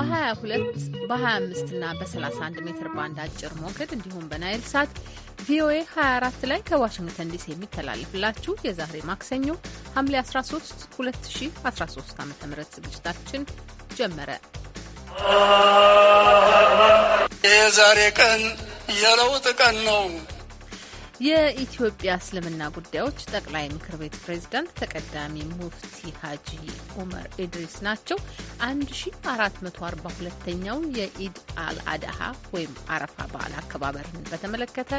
በ22 በ25 እና በ31 ሜትር ባንድ አጭር ሞገድ እንዲሁም በናይል ሳት ቪኦኤ 24 ላይ ከዋሽንግተን ዲሲ የሚተላለፍላችሁ የዛሬ ማክሰኞ ሐምሌ 13 2013 ዓ ም ዝግጅታችን ጀመረ። የዛሬ ቀን የለውጥ ቀን ነው። የኢትዮጵያ እስልምና ጉዳዮች ጠቅላይ ምክር ቤት ፕሬዝዳንት ተቀዳሚ ሙፍቲ ሀጂ ኡመር ኢድሪስ ናቸው። ተኛው የኢድ አልአድሃ ወይም አረፋ በዓል አከባበርን በተመለከተ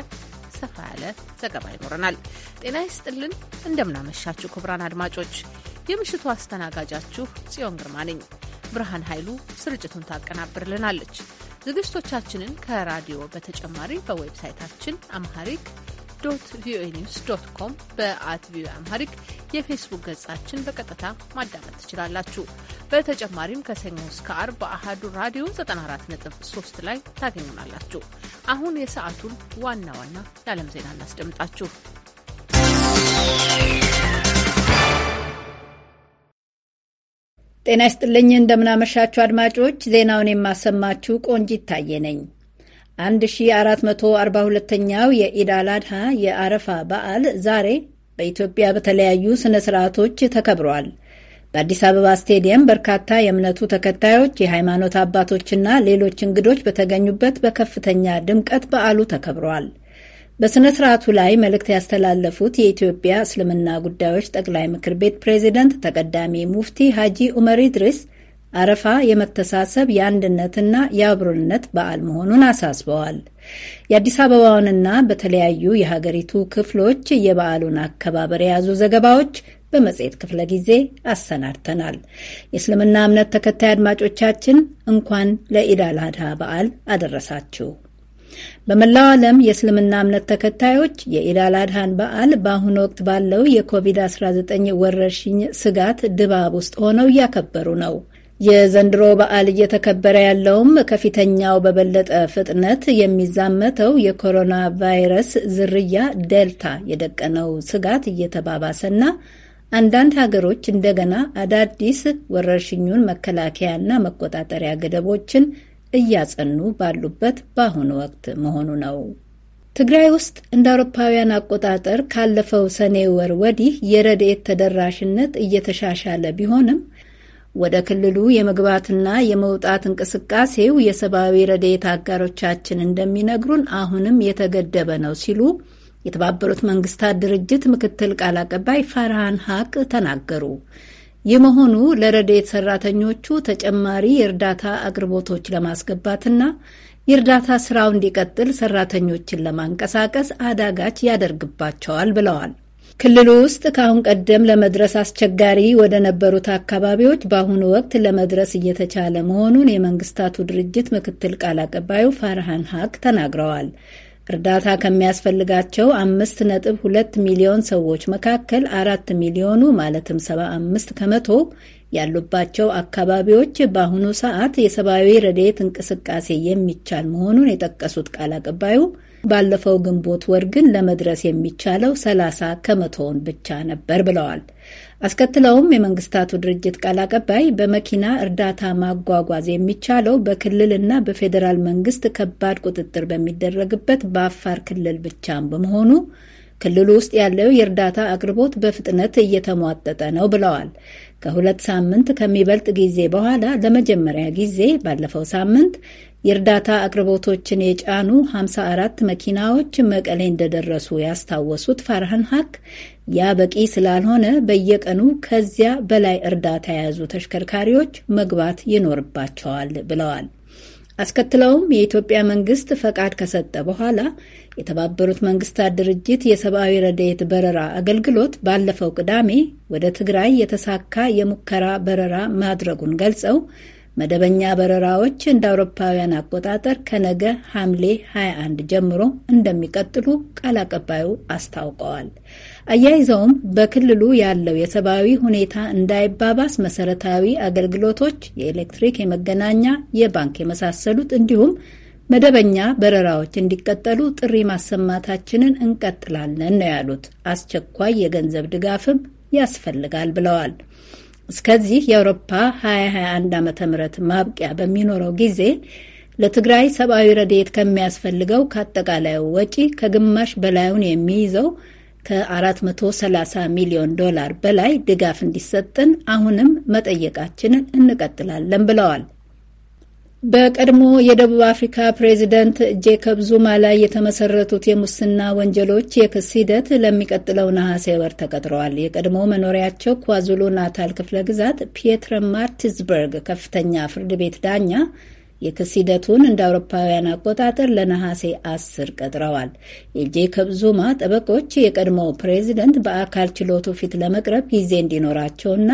ሰፋ ያለ ዘገባ ይኖረናል። ጤና ይስጥልን፣ እንደምናመሻችሁ ክቡራን አድማጮች፣ የምሽቱ አስተናጋጃችሁ ጽዮን ግርማ ነኝ። ብርሃን ኃይሉ ስርጭቱን ታቀናብርልናለች። ዝግጅቶቻችንን ከራዲዮ በተጨማሪ በዌብሳይታችን አምሃሪክ ዶት ቪኦኤ ኒውስ ዶት ኮም በአት ቪኦኤ አምሃሪክ የፌስቡክ ገጻችን በቀጥታ ማዳመጥ ትችላላችሁ። በተጨማሪም ከሰኞ እስከ አርብ በአህዱ ራዲዮ 94.3 ላይ ታገኙናላችሁ። አሁን የሰዓቱን ዋና ዋና የዓለም ዜና እናስደምጣችሁ። ጤና ይስጥልኝ። እንደምናመሻችሁ አድማጮች፣ ዜናውን የማሰማችሁ ቆንጂት ታየ ነኝ። 1442ኛው የኢድ አል አድሃ የአረፋ በዓል ዛሬ በኢትዮጵያ በተለያዩ ስነ ስርዓቶች ተከብሯል። በአዲስ አበባ ስቴዲየም በርካታ የእምነቱ ተከታዮች፣ የሃይማኖት አባቶችና ሌሎች እንግዶች በተገኙበት በከፍተኛ ድምቀት በዓሉ ተከብሯል። በሥነ ሥርዓቱ ላይ መልእክት ያስተላለፉት የኢትዮጵያ እስልምና ጉዳዮች ጠቅላይ ምክር ቤት ፕሬዚደንት ተቀዳሚ ሙፍቲ ሐጂ ኡመር ኢድሪስ አረፋ የመተሳሰብ የአንድነትና የአብሮነት በዓል መሆኑን አሳስበዋል። የአዲስ አበባውንና በተለያዩ የሀገሪቱ ክፍሎች የበዓሉን አከባበር የያዙ ዘገባዎች በመጽሔት ክፍለ ጊዜ አሰናድተናል። የእስልምና እምነት ተከታይ አድማጮቻችን እንኳን ለኢድ አልአድሃ በዓል አደረሳችሁ። በመላው ዓለም የእስልምና እምነት ተከታዮች የኢድ አድሃን በዓል በአሁኑ ወቅት ባለው የኮቪድ-19 ወረርሽኝ ስጋት ድባብ ውስጥ ሆነው እያከበሩ ነው። የዘንድሮ በዓል እየተከበረ ያለውም ከፊተኛው በበለጠ ፍጥነት የሚዛመተው የኮሮና ቫይረስ ዝርያ ዴልታ የደቀነው ስጋት እየተባባሰና አንዳንድ ሀገሮች እንደገና አዳዲስ ወረርሽኙን መከላከያና መቆጣጠሪያ ገደቦችን እያጸኑ ባሉበት በአሁኑ ወቅት መሆኑ ነው። ትግራይ ውስጥ እንደ አውሮፓውያን አቆጣጠር ካለፈው ሰኔ ወር ወዲህ የረድኤት ተደራሽነት እየተሻሻለ ቢሆንም ወደ ክልሉ የመግባትና የመውጣት እንቅስቃሴው የሰብአዊ ረዴት አጋሮቻችን እንደሚነግሩን አሁንም የተገደበ ነው ሲሉ የተባበሩት መንግስታት ድርጅት ምክትል ቃል አቀባይ ፈርሃን ሀቅ ተናገሩ። ይህ መሆኑ ሰራተኞቹ ተጨማሪ የእርዳታ አቅርቦቶች ለማስገባትና የእርዳታ ስራው እንዲቀጥል ሰራተኞችን ለማንቀሳቀስ አዳጋች ያደርግባቸዋል ብለዋል። ክልሉ ውስጥ ከአሁን ቀደም ለመድረስ አስቸጋሪ ወደ ነበሩት አካባቢዎች በአሁኑ ወቅት ለመድረስ እየተቻለ መሆኑን የመንግስታቱ ድርጅት ምክትል ቃል አቀባዩ ፋርሃን ሀቅ ተናግረዋል። እርዳታ ከሚያስፈልጋቸው አምስት ነጥብ ሁለት ሚሊዮን ሰዎች መካከል አራት ሚሊዮኑ ማለትም ሰባ አምስት ከመቶ ያሉባቸው አካባቢዎች በአሁኑ ሰዓት የሰብአዊ ረድኤት እንቅስቃሴ የሚቻል መሆኑን የጠቀሱት ቃል አቀባዩ ባለፈው ግንቦት ወር ግን ለመድረስ የሚቻለው 30 ከመቶውን ብቻ ነበር ብለዋል። አስከትለውም የመንግስታቱ ድርጅት ቃል አቀባይ በመኪና እርዳታ ማጓጓዝ የሚቻለው በክልልና በፌዴራል መንግስት ከባድ ቁጥጥር በሚደረግበት በአፋር ክልል ብቻም በመሆኑ ክልሉ ውስጥ ያለው የእርዳታ አቅርቦት በፍጥነት እየተሟጠጠ ነው ብለዋል። ከሁለት ሳምንት ከሚበልጥ ጊዜ በኋላ ለመጀመሪያ ጊዜ ባለፈው ሳምንት የእርዳታ አቅርቦቶችን የጫኑ 54 መኪናዎች መቀሌ እንደደረሱ ያስታወሱት ፋርሃን ሀክ ያ በቂ ስላልሆነ በየቀኑ ከዚያ በላይ እርዳታ የያዙ ተሽከርካሪዎች መግባት ይኖርባቸዋል ብለዋል። አስከትለውም የኢትዮጵያ መንግስት ፈቃድ ከሰጠ በኋላ የተባበሩት መንግስታት ድርጅት የሰብአዊ ረድኤት በረራ አገልግሎት ባለፈው ቅዳሜ ወደ ትግራይ የተሳካ የሙከራ በረራ ማድረጉን ገልጸው መደበኛ በረራዎች እንደ አውሮፓውያን አቆጣጠር ከነገ ሐምሌ 21 ጀምሮ እንደሚቀጥሉ ቃል አቀባዩ አስታውቀዋል። አያይዘውም በክልሉ ያለው የሰብአዊ ሁኔታ እንዳይባባስ መሰረታዊ አገልግሎቶች፣ የኤሌክትሪክ፣ የመገናኛ፣ የባንክ የመሳሰሉት እንዲሁም መደበኛ በረራዎች እንዲቀጠሉ ጥሪ ማሰማታችንን እንቀጥላለን ነው ያሉት። አስቸኳይ የገንዘብ ድጋፍም ያስፈልጋል ብለዋል። እስከዚህ የአውሮፓ 2021 ዓ ም ማብቂያ በሚኖረው ጊዜ ለትግራይ ሰብአዊ ረድኤት ከሚያስፈልገው ከአጠቃላዩ ወጪ ከግማሽ በላዩን የሚይዘው ከ430 ሚሊዮን ዶላር በላይ ድጋፍ እንዲሰጥን አሁንም መጠየቃችንን እንቀጥላለን ብለዋል በቀድሞ የደቡብ አፍሪካ ፕሬዚደንት ጄኮብ ዙማ ላይ የተመሰረቱት የሙስና ወንጀሎች የክስ ሂደት ለሚቀጥለው ነሐሴ ወር ተቀጥረዋል። የቀድሞ መኖሪያቸው ኳዙሉ ናታል ክፍለ ግዛት ፒየትረ ማርቲዝበርግ ከፍተኛ ፍርድ ቤት ዳኛ የክስ ሂደቱን እንደ አውሮፓውያን አቆጣጠር ለነሐሴ አስር ቀጥረዋል። የጄከብ ዙማ ጠበቆች የቀድሞው ፕሬዚደንት በአካል ችሎቱ ፊት ለመቅረብ ጊዜ እንዲኖራቸውና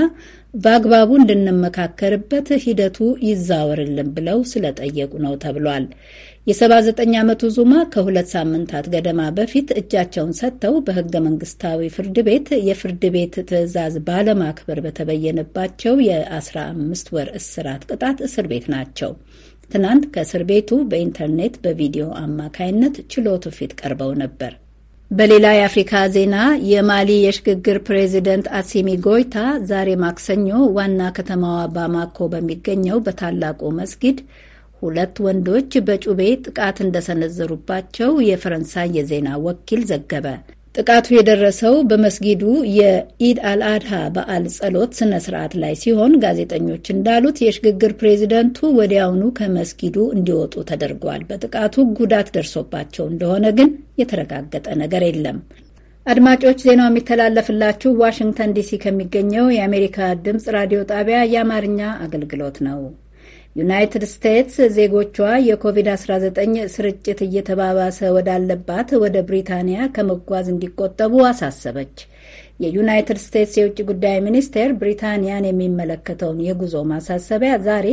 በአግባቡ እንድንመካከርበት ሂደቱ ይዛወርልን ብለው ስለጠየቁ ነው ተብሏል። የ79 ዓመቱ ዙማ ከሁለት ሳምንታት ገደማ በፊት እጃቸውን ሰጥተው በህገ መንግስታዊ ፍርድ ቤት የፍርድ ቤት ትዕዛዝ ባለማክበር በተበየነባቸው የ15 ወር እስራት ቅጣት እስር ቤት ናቸው። ትናንት ከእስር ቤቱ በኢንተርኔት በቪዲዮ አማካይነት ችሎቱ ፊት ቀርበው ነበር። በሌላ የአፍሪካ ዜና የማሊ የሽግግር ፕሬዚደንት አሲሚ ጎይታ ዛሬ ማክሰኞ ዋና ከተማዋ ባማኮ በሚገኘው በታላቁ መስጊድ ሁለት ወንዶች በጩቤ ጥቃት እንደሰነዘሩባቸው የፈረንሳይ የዜና ወኪል ዘገበ። ጥቃቱ የደረሰው በመስጊዱ የኢድ አልአድሃ በዓል ጸሎት ስነ ስርዓት ላይ ሲሆን ጋዜጠኞች እንዳሉት የሽግግር ፕሬዚደንቱ ወዲያውኑ ከመስጊዱ እንዲወጡ ተደርጓል። በጥቃቱ ጉዳት ደርሶባቸው እንደሆነ ግን የተረጋገጠ ነገር የለም። አድማጮች፣ ዜናው የሚተላለፍላችሁ ዋሽንግተን ዲሲ ከሚገኘው የአሜሪካ ድምፅ ራዲዮ ጣቢያ የአማርኛ አገልግሎት ነው። ዩናይትድ ስቴትስ ዜጎቿ የኮቪድ-19 ስርጭት እየተባባሰ ወዳለባት ወደ ብሪታንያ ከመጓዝ እንዲቆጠቡ አሳሰበች። የዩናይትድ ስቴትስ የውጭ ጉዳይ ሚኒስቴር ብሪታንያን የሚመለከተውን የጉዞ ማሳሰቢያ ዛሬ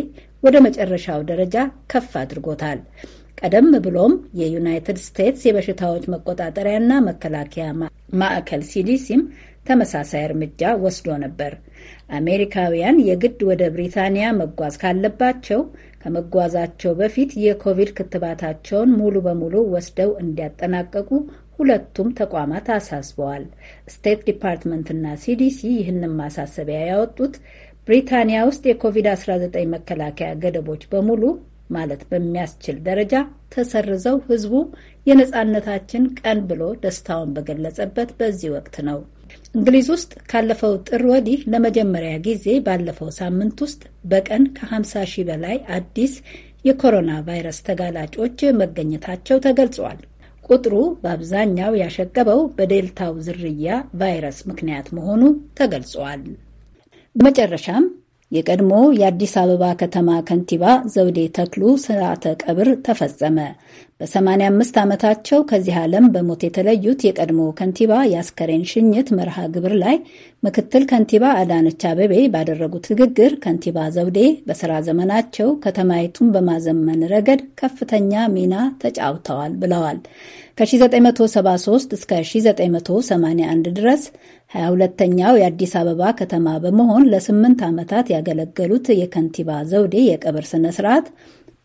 ወደ መጨረሻው ደረጃ ከፍ አድርጎታል። ቀደም ብሎም የዩናይትድ ስቴትስ የበሽታዎች መቆጣጠሪያና መከላከያ ማዕከል ሲዲሲም ተመሳሳይ እርምጃ ወስዶ ነበር። አሜሪካውያን የግድ ወደ ብሪታንያ መጓዝ ካለባቸው ከመጓዛቸው በፊት የኮቪድ ክትባታቸውን ሙሉ በሙሉ ወስደው እንዲያጠናቀቁ ሁለቱም ተቋማት አሳስበዋል። ስቴት ዲፓርትመንትና ሲዲሲ ይህንን ማሳሰቢያ ያወጡት ብሪታንያ ውስጥ የኮቪድ-19 መከላከያ ገደቦች በሙሉ ማለት በሚያስችል ደረጃ ተሰርዘው ሕዝቡ የነጻነታችን ቀን ብሎ ደስታውን በገለጸበት በዚህ ወቅት ነው። እንግሊዝ ውስጥ ካለፈው ጥር ወዲህ ለመጀመሪያ ጊዜ ባለፈው ሳምንት ውስጥ በቀን ከ50 ሺህ በላይ አዲስ የኮሮና ቫይረስ ተጋላጮች መገኘታቸው ተገልጿል። ቁጥሩ በአብዛኛው ያሸቀበው በዴልታው ዝርያ ቫይረስ ምክንያት መሆኑ ተገልጿል። በመጨረሻም የቀድሞ የአዲስ አበባ ከተማ ከንቲባ ዘውዴ ተክሉ ስርዓተ ቀብር ተፈጸመ። በ85 ዓመታቸው ከዚህ ዓለም በሞት የተለዩት የቀድሞ ከንቲባ የአስከሬን ሽኝት መርሃ ግብር ላይ ምክትል ከንቲባ አዳነች አበቤ ባደረጉት ንግግር ከንቲባ ዘውዴ በሥራ ዘመናቸው ከተማይቱን በማዘመን ረገድ ከፍተኛ ሚና ተጫውተዋል ብለዋል። ከ1973 እስከ 1981 ድረስ 22 ተኛው የአዲስ አበባ ከተማ በመሆን ለስምንት ዓመታት ያገለገሉት የከንቲባ ዘውዴ የቀብር ስነ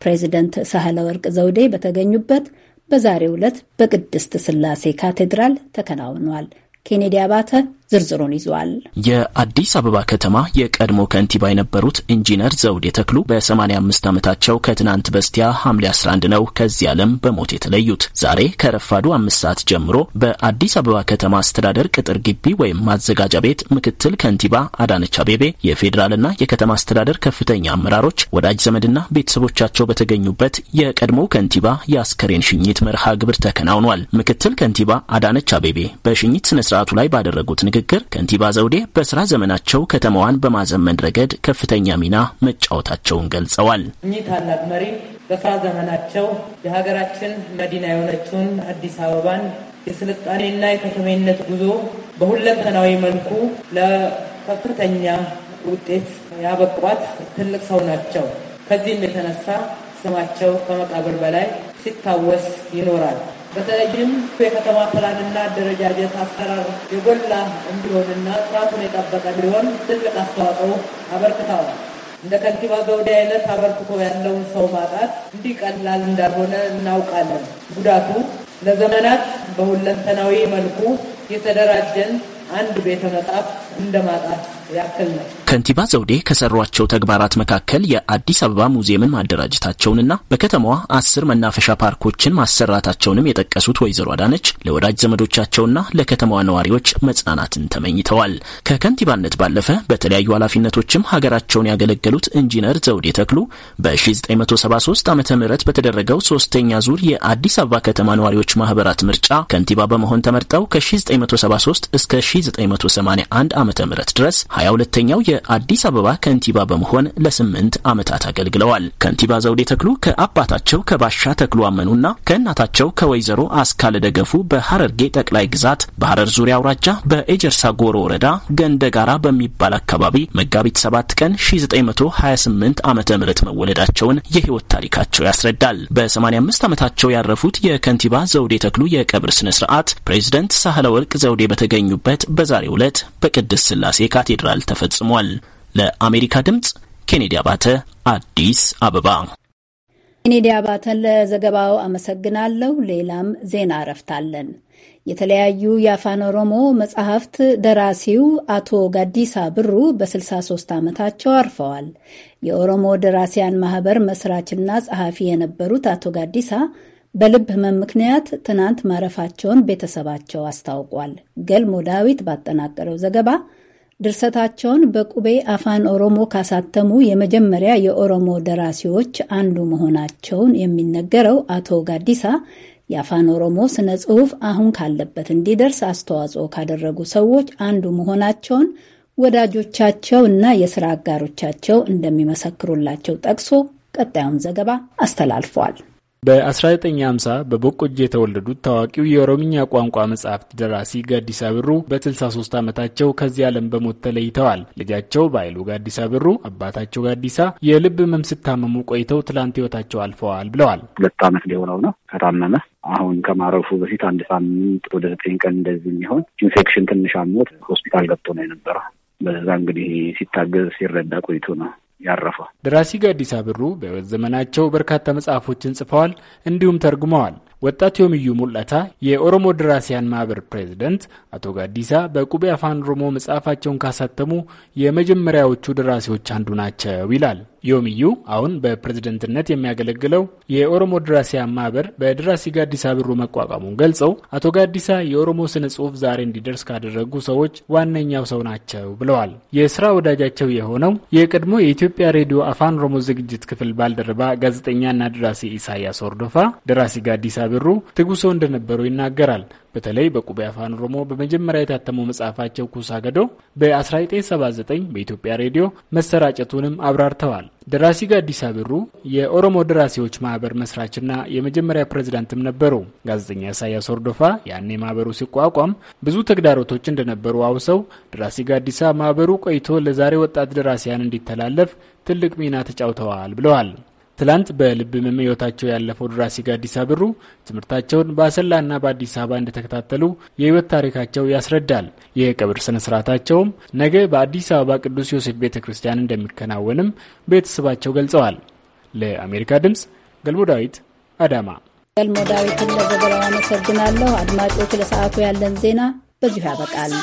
ፕሬዚደንት ሳህለ ወርቅ ዘውዴ በተገኙበት በዛሬው ዕለት በቅድስት ስላሴ ካቴድራል ተከናውኗል። ኬኔዲ አባተ ዝርዝሩን ይዟል። የአዲስ አበባ ከተማ የቀድሞ ከንቲባ የነበሩት ኢንጂነር ዘውዴ ተክሉ በ85 ዓመታቸው ከትናንት በስቲያ ሐምሌ 11 ነው ከዚህ ዓለም በሞት የተለዩት። ዛሬ ከረፋዱ አምስት ሰዓት ጀምሮ በአዲስ አበባ ከተማ አስተዳደር ቅጥር ግቢ ወይም ማዘጋጃ ቤት ምክትል ከንቲባ አዳነች አቤቤ፣ የፌዴራልና የከተማ አስተዳደር ከፍተኛ አመራሮች፣ ወዳጅ ዘመድና ቤተሰቦቻቸው በተገኙበት የቀድሞ ከንቲባ የአስከሬን ሽኝት መርሃ ግብር ተከናውኗል። ምክትል ከንቲባ አዳነች አቤቤ በሽኝት ስነ ስርዓቱ ላይ ባደረጉት ንግግር ንግግር ከንቲባ ዘውዴ በስራ ዘመናቸው ከተማዋን በማዘመን ረገድ ከፍተኛ ሚና መጫወታቸውን ገልጸዋል። እኚህ ታላቅ መሪ በስራ ዘመናቸው የሀገራችን መዲና የሆነችውን አዲስ አበባን የስልጣኔና የከተሜነት ጉዞ በሁለንተናዊ መልኩ ለከፍተኛ ውጤት ያበቋት ትልቅ ሰው ናቸው። ከዚህም የተነሳ ስማቸው ከመቃብር በላይ ሲታወስ ይኖራል። በተለይም የከተማ ፕላንና አደረጃጀት አሰራር የጎላ እንዲሆንና ጥራቱን የጠበቀ እንዲሆን ትልቅ አስተዋጽኦ አበርክተዋል። እንደ ከንቲባ ዘውዴ አይነት አበርክቶ ያለውን ሰው ማጣት እንዲህ ቀላል እንዳልሆነ እናውቃለን። ጉዳቱ ለዘመናት በሁለንተናዊ መልኩ የተደራጀን አንድ ቤተ መጻሕፍት እንደማጣት ከንቲባ ዘውዴ ከሰሯቸው ተግባራት መካከል የአዲስ አበባ ሙዚየምን ማደራጀታቸውንና በከተማዋ አስር መናፈሻ ፓርኮችን ማሰራታቸውንም የጠቀሱት ወይዘሮ አዳነች ለወዳጅ ዘመዶቻቸውና ለከተማዋ ነዋሪዎች መጽናናትን ተመኝተዋል። ከከንቲባነት ባለፈ በተለያዩ ኃላፊነቶችም ሀገራቸውን ያገለገሉት ኢንጂነር ዘውዴ ተክሉ በ1973 ዓ ም በተደረገው ሶስተኛ ዙር የአዲስ አበባ ከተማ ነዋሪዎች ማህበራት ምርጫ ከንቲባ በመሆን ተመርጠው ከ1973 እስከ 1981 ዓ ም ድረስ ሀያ ሁለተኛው የአዲስ አበባ ከንቲባ በመሆን ለስምንት ዓመታት አገልግለዋል። ከንቲባ ዘውዴ ተክሉ ከአባታቸው ከባሻ ተክሉ አመኑና ከእናታቸው ከወይዘሮ አስካለ ደገፉ በሐረርጌ ጠቅላይ ግዛት በሐረር ዙሪያ አውራጃ በኤጀርሳ ጎሮ ወረዳ ገንደ ጋራ በሚባል አካባቢ መጋቢት 7 ቀን 1928 ዓ ም መወለዳቸውን የህይወት ታሪካቸው ያስረዳል። በ85 ዓመታቸው ያረፉት የከንቲባ ዘውዴ ተክሉ የቀብር ስነ ስርዓት ፕሬዚደንት ሳህለ ወርቅ ዘውዴ በተገኙበት በዛሬው ዕለት በቅድስት ስላሴ ካቴድራል በሞራል ተፈጽሟል። ለአሜሪካ ድምጽ ኬኔዲ አባተ አዲስ አበባ። ኬኔዲ አባተን ለዘገባው አመሰግናለሁ። ሌላም ዜና እረፍታለን። የተለያዩ የአፋን ኦሮሞ መጽሐፍት ደራሲው አቶ ጋዲሳ ብሩ በ63 ዓመታቸው አርፈዋል። የኦሮሞ ደራሲያን ማህበር መስራችና ጸሐፊ የነበሩት አቶ ጋዲሳ በልብ ህመም ምክንያት ትናንት ማረፋቸውን ቤተሰባቸው አስታውቋል። ገልሞ ዳዊት ባጠናቀረው ዘገባ ድርሰታቸውን በቁቤ አፋን ኦሮሞ ካሳተሙ የመጀመሪያ የኦሮሞ ደራሲዎች አንዱ መሆናቸውን የሚነገረው አቶ ጋዲሳ የአፋን ኦሮሞ ስነ ጽሁፍ አሁን ካለበት እንዲደርስ አስተዋጽኦ ካደረጉ ሰዎች አንዱ መሆናቸውን ወዳጆቻቸው እና የስራ አጋሮቻቸው እንደሚመሰክሩላቸው ጠቅሶ ቀጣዩን ዘገባ አስተላልፏል። በ1950 በቦቆጅ የተወለዱት ታዋቂው የኦሮምኛ ቋንቋ መጽሐፍት ደራሲ ጋዲሳ ብሩ በ63 ዓመታቸው ከዚህ ዓለም በሞት ተለይተዋል። ልጃቸው ባይሉ ጋዲሳ ብሩ አባታቸው ጋዲሳ የልብ ህመም ስታመሙ ቆይተው ትላንት ህይወታቸው አልፈዋል ብለዋል። ሁለት ዓመት ሊሆነው ነው ከታመመ። አሁን ከማረፉ በፊት አንድ ሳምንት ወደ ዘጠኝ ቀን እንደዚህ የሚሆን ኢንፌክሽን ትንሽ አሞት ሆስፒታል ገብቶ ነው የነበረው። በዛ እንግዲህ ሲታገዝ ሲረዳ ቆይቶ ነው ያረፈው። ደራሲ ጋዲስ አብሩ በሕይወት ዘመናቸው በርካታ መጽሐፎችን ጽፈዋል እንዲሁም ተርጉመዋል። ወጣት ዮምዩ ሙላታ የኦሮሞ ደራሲያን ማህበር ፕሬዚደንት፣ አቶ ጋዲሳ በቁቤ አፋን ኦሮሞ መጽሐፋቸውን ካሳተሙ የመጀመሪያዎቹ ደራሲዎች አንዱ ናቸው ይላል። ዮሚዩ አሁን በፕሬዝደንትነት የሚያገለግለው የኦሮሞ ድራሲያን ማህበር በድራሲ ጋዲሳ ብሩ መቋቋሙን ገልጸው አቶ ጋዲሳ የኦሮሞ ስነ ጽሁፍ ዛሬ እንዲደርስ ካደረጉ ሰዎች ዋነኛው ሰው ናቸው ብለዋል። የስራ ወዳጃቸው የሆነው የቀድሞ የኢትዮጵያ ሬዲዮ አፋን ኦሮሞ ዝግጅት ክፍል ባልደረባ ጋዜጠኛና ደራሲ ኢሳያስ ወርዶፋ ደራሲ ጋዲሳ ብሩ ትጉ ሰው እንደነበሩ ይናገራል። በተለይ በቁቤ አፋን ኦሮሞ በመጀመሪያ የታተመው መጽሐፋቸው ኩሳ ገዶ በ1979 በኢትዮጵያ ሬዲዮ መሰራጨቱንም አብራርተዋል። ደራሲ ጋዲሳ አብሩ የኦሮሞ ደራሲዎች ማህበር መስራችና የመጀመሪያ ፕሬዝዳንትም ነበሩ። ጋዜጠኛ ኢሳያስ ወርዶፋ ያኔ ማህበሩ ሲቋቋም ብዙ ተግዳሮቶች እንደነበሩ አውሰው ደራሲ ጋዲሳ ማህበሩ ቆይቶ ለዛሬ ወጣት ደራሲያን እንዲተላለፍ ትልቅ ሚና ተጫውተዋል ብለዋል። ትላንት በልብ ህመም ህይወታቸው ያለፈው ደራሲ ጋዲሳ አብሩ ትምህርታቸውን በአሰላና በአዲስ አበባ እንደተከታተሉ የህይወት ታሪካቸው ያስረዳል። የቀብር ስነ ስርዓታቸውም ነገ በአዲስ አበባ ቅዱስ ዮሴፍ ቤተ ክርስቲያን እንደሚከናወንም ቤተሰባቸው ገልጸዋል። ለአሜሪካ ድምጽ ገልሞ ዳዊት አዳማ። ገልሞ ዳዊትን ለዘገባው አመሰግናለሁ። አድማጮች፣ ለሰዓቱ ያለን ዜና በዚሁ ያበቃል።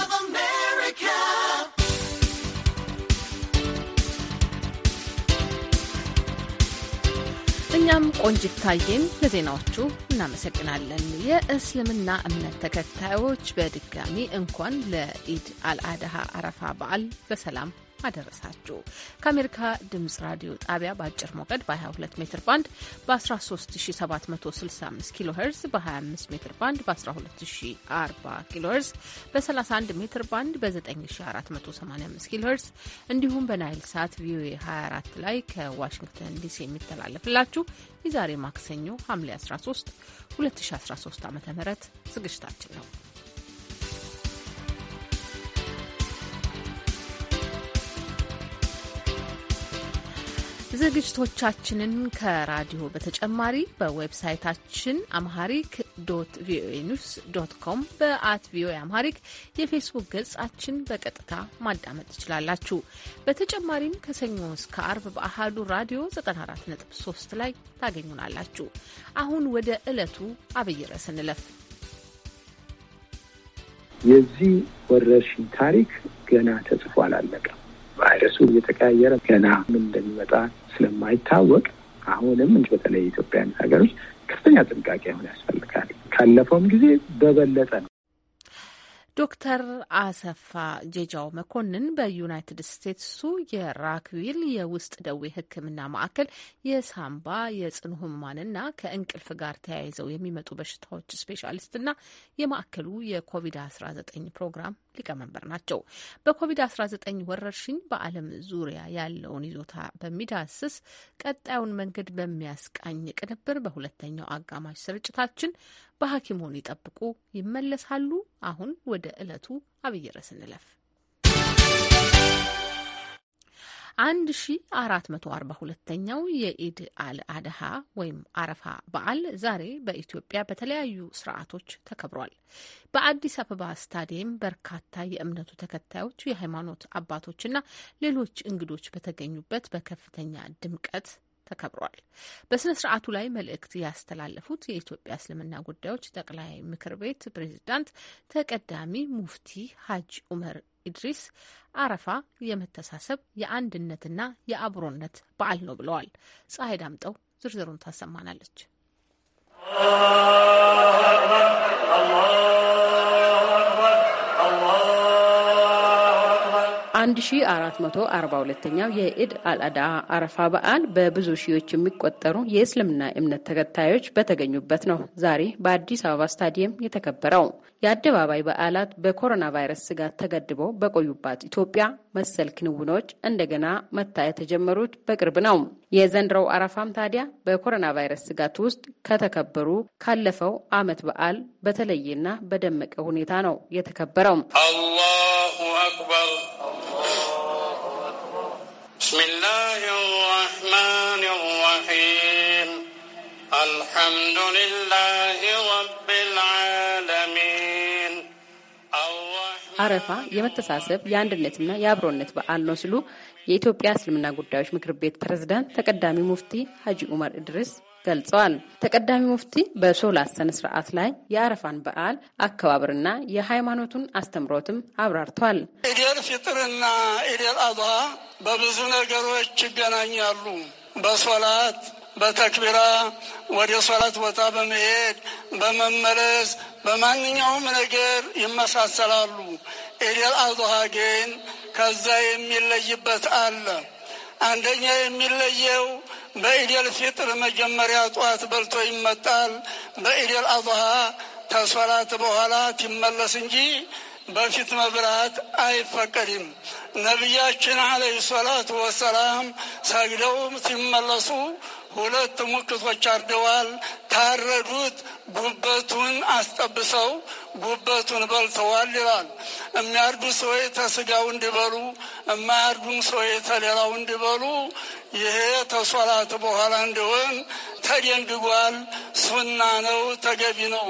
እኛም ቆንጅት ታየን ለዜናዎቹ እናመሰግናለን። የእስልምና እምነት ተከታዮች በድጋሚ እንኳን ለኢድ አልአድሃ አረፋ በዓል በሰላም አደረሳችሁ። ከአሜሪካ ድምጽ ራዲዮ ጣቢያ በአጭር ሞገድ በ22 ሜትር ባንድ በ13765 ኪሎ ሄርዝ በ25 ሜትር ባንድ በ1240 ኪሎ ሄርዝ በ31 ሜትር ባንድ በ9485 ኪሎ ሄርዝ እንዲሁም በናይል ሳት ቪኦኤ 24 ላይ ከዋሽንግተን ዲሲ የሚተላለፍላችሁ የዛሬ ማክሰኞ ሐምሌ 13 2013 ዓ ም ዝግጅታችን ነው። ዝግጅቶቻችንን ከራዲዮ በተጨማሪ በዌብሳይታችን አምሃሪክ ዶት ቪኦኤ ኒውስ ዶት ኮም በአት ቪኦኤ አምሃሪክ የፌስቡክ ገጻችን በቀጥታ ማዳመጥ ትችላላችሁ። በተጨማሪም ከሰኞ እስከ አርብ በአህዱ ራዲዮ 94.3 ላይ ታገኙናላችሁ። አሁን ወደ ዕለቱ አብይ ርዕስ እንለፍ። የዚህ ወረርሽኝ ታሪክ ገና ተጽፎ አላለቀም። ቫይረሱ እየተቀያየረ ገና ምን እንደሚመጣ ስለማይታወቅ አሁንም እንጂ በተለይ ኢትዮጵያን ሀገሮች ከፍተኛ ጥንቃቄ ሆን ያስፈልጋል። ካለፈውም ጊዜ በበለጠ ነው። ዶክተር አሰፋ ጄጃው መኮንን በዩናይትድ ስቴትሱ የራክቪል የውስጥ ደዌ ሕክምና ማዕከል የሳምባ የጽኑ ህሙማንና ከእንቅልፍ ጋር ተያይዘው የሚመጡ በሽታዎች ስፔሻሊስትና የማዕከሉ የኮቪድ-19 ፕሮግራም ሊቀመንበር ናቸው። በኮቪድ-19 ወረርሽኝ በዓለም ዙሪያ ያለውን ይዞታ በሚዳስስ ቀጣዩን መንገድ በሚያስቃኝ ቅንብር በሁለተኛው አጋማሽ ስርጭታችን በሀኪሙን ይጠብቁ ይመለሳሉ። አሁን ወደ ዕለቱ አብይ ርዕስ እንለፍ። 1442ኛው የኢድ አል አድሃ ወይም አረፋ በዓል ዛሬ በኢትዮጵያ በተለያዩ ስርዓቶች ተከብሯል። በአዲስ አበባ ስታዲየም በርካታ የእምነቱ ተከታዮች፣ የሃይማኖት አባቶችና ሌሎች እንግዶች በተገኙበት በከፍተኛ ድምቀት ተከብረዋል። በስነ ስርዓቱ ላይ መልእክት ያስተላለፉት የኢትዮጵያ እስልምና ጉዳዮች ጠቅላይ ምክር ቤት ፕሬዚዳንት ተቀዳሚ ሙፍቲ ሀጅ ኡመር ኢድሪስ አረፋ የመተሳሰብ የአንድነትና የአብሮነት በዓል ነው ብለዋል። ፀሐይ ዳምጠው ዝርዝሩን ታሰማናለች። 1442ኛው የኢድ አልአዳ አረፋ በዓል በብዙ ሺዎች የሚቆጠሩ የእስልምና እምነት ተከታዮች በተገኙበት ነው ዛሬ በአዲስ አበባ ስታዲየም የተከበረው። የአደባባይ በዓላት በኮሮና ቫይረስ ስጋት ተገድበው በቆዩባት ኢትዮጵያ መሰል ክንውኖች እንደገና መታየት የተጀመሩት በቅርብ ነው። የዘንድሮው አረፋም ታዲያ በኮሮና ቫይረስ ስጋት ውስጥ ከተከበሩ ካለፈው ዓመት በዓል በተለየና በደመቀ ሁኔታ ነው የተከበረው። አላሁ አክበር بسم الله الرحمن الرحيم الحمد لله رب العالمين አረፋ የመተሳሰብ የአንድነትና የአብሮነት በዓል ነው ሲሉ የኢትዮጵያ እስልምና ጉዳዮች ምክር ቤት ፕሬዝዳንት ተቀዳሚ ሙፍቲ ሀጂ ኡመር እድሪስ ገልጸዋል። ተቀዳሚ ሙፍቲ በሶላት ስነ ስርዓት ላይ የአረፋን በዓል አከባበርና የሃይማኖቱን አስተምሮትም አብራርቷል። ኢዴል ፊጥርና ኢዴል አድሃ በብዙ ነገሮች ይገናኛሉ። በሶላት በተክቢራ ወደ ሶላት ቦታ በመሄድ በመመለስ በማንኛውም ነገር ይመሳሰላሉ። ኢዴል አድሃ ግን ከዛ የሚለይበት አለ። አንደኛ የሚለየው በኢደል ፊጥር መጀመሪያ ጠዋት በልቶ ይመጣል። በኢደል አብሃ ተሶላት በኋላ ትመለስ እንጂ በፊት መብላት አይፈቀድም። ነቢያችን አለይሂ ሰላቱ ወሰላም ሰግደውም ሲመለሱ ሁለት ሙክቶች አርደዋል። ታረዱት ጉበቱን አስጠብሰው ጉበቱን በልተዋል ይላል። የሚያርዱ ሰዎች ተስጋው እንዲበሉ፣ የማያርዱም ሰዎች ተሌላው እንዲበሉ። ይሄ ተሶላት በኋላ እንዲሆን ተደንግጓል። ሱና ነው፣ ተገቢ ነው።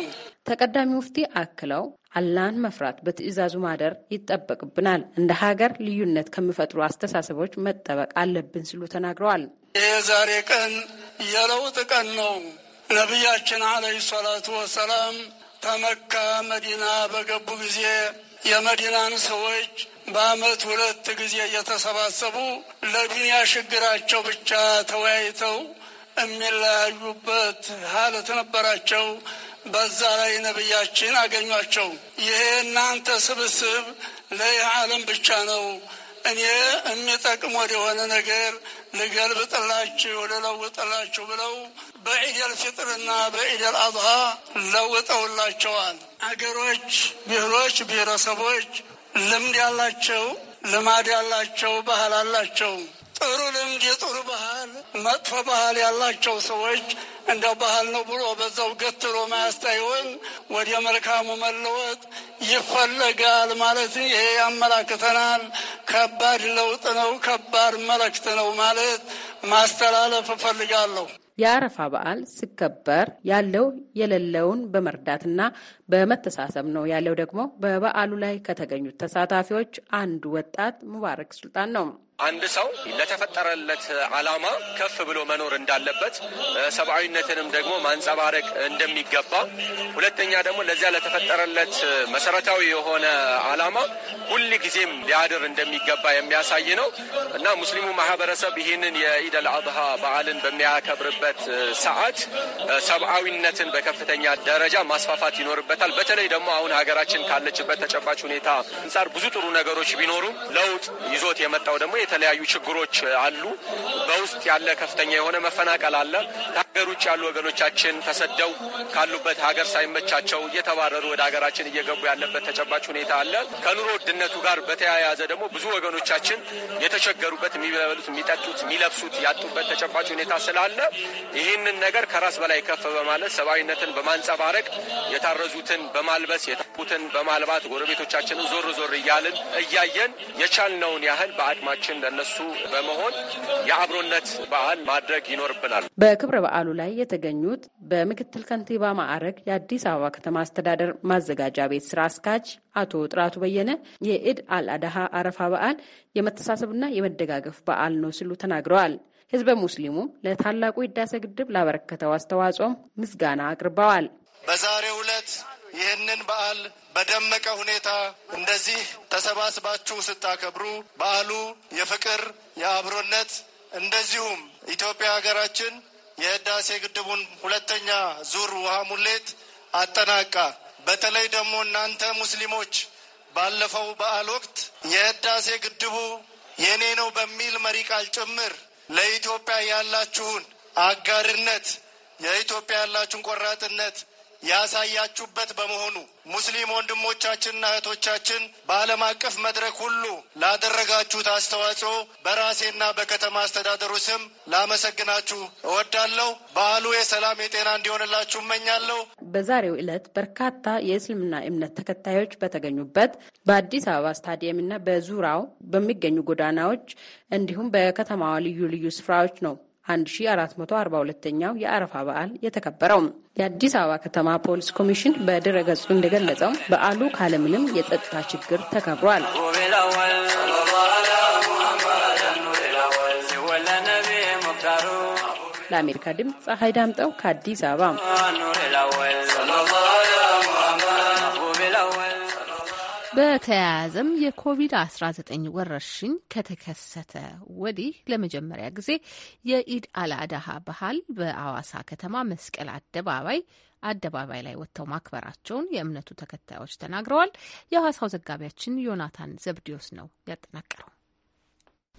ተቀዳሚ ሙፍቲ አክለው አላህን መፍራት በትዕዛዙ ማደር ይጠበቅብናል፣ እንደ ሀገር ልዩነት ከሚፈጥሩ አስተሳሰቦች መጠበቅ አለብን ሲሉ ተናግረዋል። የዛሬ ቀን የለውጥ ቀን ነው። ነቢያችን አለይሂ ሰላቱ ወሰላም ተመካ መዲና በገቡ ጊዜ የመዲናን ሰዎች በዓመት ሁለት ጊዜ እየተሰባሰቡ ለዱንያ ሽግራቸው ብቻ ተወያይተው የሚለያዩበት ሀለት ነበራቸው። በዛ ላይ ነቢያችን አገኟቸው። ይሄ እናንተ ስብስብ ለይህ ዓለም ብቻ ነው እኔ የሚጠቅም ወደሆነ ነገር ልገልብጥላችሁ ለውጥላችሁ ብለው በኢደል ፊጥርና በኢደል አብሃ ለውጠውላቸዋል። አገሮች፣ ብሔሮች፣ ብሔረሰቦች ልምድ ያላቸው ልማድ ያላቸው ባህል አላቸው። ጥሩ ልምድ፣ የጥሩ ባህል፣ መጥፎ ባህል ያላቸው ሰዎች እንደ ባህል ነው ብሎ በዛው ገትሮ ማያስታይሆን ወደ መልካሙ መለወጥ ይፈለጋል ማለት ይሄ ያመላክተናል። ከባድ ለውጥ ነው፣ ከባድ መልእክት ነው ማለት ማስተላለፍ እፈልጋለሁ። የአረፋ በዓል ሲከበር ያለው የሌለውን በመርዳትና በመተሳሰብ ነው ያለው ደግሞ በበዓሉ ላይ ከተገኙት ተሳታፊዎች አንዱ ወጣት ሙባረክ ሱልጣን ነው። አንድ ሰው ለተፈጠረለት ዓላማ ከፍ ብሎ መኖር እንዳለበት፣ ሰብአዊነትንም ደግሞ ማንጸባረቅ እንደሚገባ፣ ሁለተኛ ደግሞ ለዚያ ለተፈጠረለት መሰረታዊ የሆነ ዓላማ ሁል ጊዜም ሊያድር እንደሚገባ የሚያሳይ ነው እና ሙስሊሙ ማህበረሰብ ይህንን የኢደል አብሃ በዓልን በሚያከብርበት ሰዓት ሰብአዊነትን በከፍተኛ ደረጃ ማስፋፋት ይኖርበታል። በተለይ ደግሞ አሁን ሀገራችን ካለችበት ተጨባጭ ሁኔታ አንጻር ብዙ ጥሩ ነገሮች ቢኖሩም ለውጥ ይዞት የመጣው ደግሞ የተለያዩ ችግሮች አሉ። በውስጥ ያለ ከፍተኛ የሆነ መፈናቀል አለ። ከሀገር ውጭ ያሉ ወገኖቻችን ተሰደው ካሉበት ሀገር ሳይመቻቸው እየተባረሩ ወደ ሀገራችን እየገቡ ያለበት ተጨባጭ ሁኔታ አለ። ከኑሮ ውድነቱ ጋር በተያያዘ ደግሞ ብዙ ወገኖቻችን የተቸገሩበት የሚበሉት፣ የሚጠጡት፣ የሚለብሱት ያጡበት ተጨባጭ ሁኔታ ስላለ ይህንን ነገር ከራስ በላይ ከፍ በማለት ሰብአዊነትን በማንጸባረቅ የታረዙትን በማልበስ የታቁትን በማልባት ጎረቤቶቻችንን ዞር ዞር እያልን እያየን የቻልነውን ያህል በአቅማችን ለነሱ በመሆን የአብሮነት በዓል ማድረግ ይኖርብናል። በክብረ በዓሉ ላይ የተገኙት በምክትል ከንቲባ ማዕረግ የአዲስ አበባ ከተማ አስተዳደር ማዘጋጃ ቤት ስራ አስኪያጅ አቶ ጥራቱ በየነ የኢድ አልአድሃ አረፋ በዓል የመተሳሰብና የመደጋገፍ በዓል ነው ሲሉ ተናግረዋል። ህዝበ ሙስሊሙም ለታላቁ ህዳሴ ግድብ ላበረከተው አስተዋጽኦም ምስጋና አቅርበዋል። በዛሬው ዕለት ይህንን በዓል በደመቀ ሁኔታ እንደዚህ ተሰባስባችሁ ስታከብሩ በዓሉ የፍቅር፣ የአብሮነት እንደዚሁም ኢትዮጵያ ሀገራችን የህዳሴ ግድቡን ሁለተኛ ዙር ውሃ ሙሌት አጠናቃ፣ በተለይ ደግሞ እናንተ ሙስሊሞች ባለፈው በዓል ወቅት የህዳሴ ግድቡ የእኔ ነው በሚል መሪ ቃል ጭምር ለኢትዮጵያ ያላችሁን አጋርነት፣ የኢትዮጵያ ያላችሁን ቆራጥነት ያሳያችሁበት በመሆኑ ሙስሊም ወንድሞቻችንና እህቶቻችን በዓለም አቀፍ መድረክ ሁሉ ላደረጋችሁት አስተዋጽኦ በራሴና በከተማ አስተዳደሩ ስም ላመሰግናችሁ እወዳለሁ። በዓሉ የሰላም የጤና እንዲሆንላችሁ እመኛለሁ። በዛሬው ዕለት በርካታ የእስልምና እምነት ተከታዮች በተገኙበት በአዲስ አበባ ስታዲየም እና በዙሪያው በሚገኙ ጎዳናዎች እንዲሁም በከተማዋ ልዩ ልዩ ስፍራዎች ነው 1442ኛው የአረፋ በዓል የተከበረው። የአዲስ አበባ ከተማ ፖሊስ ኮሚሽን በድረ ገጹ እንደገለጸው በዓሉ ካለምንም የጸጥታ ችግር ተከብሯል። ለአሜሪካ ድምፅ ፀሐይ ዳምጠው ከአዲስ አበባ በተያያዘም የኮቪድ-19 ወረርሽኝ ከተከሰተ ወዲህ ለመጀመሪያ ጊዜ የኢድ አልአድሃ ባህል በአዋሳ ከተማ መስቀል አደባባይ አደባባይ ላይ ወጥተው ማክበራቸውን የእምነቱ ተከታዮች ተናግረዋል። የሐዋሳው ዘጋቢያችን ዮናታን ዘብዲዮስ ነው ያጠናቀረው።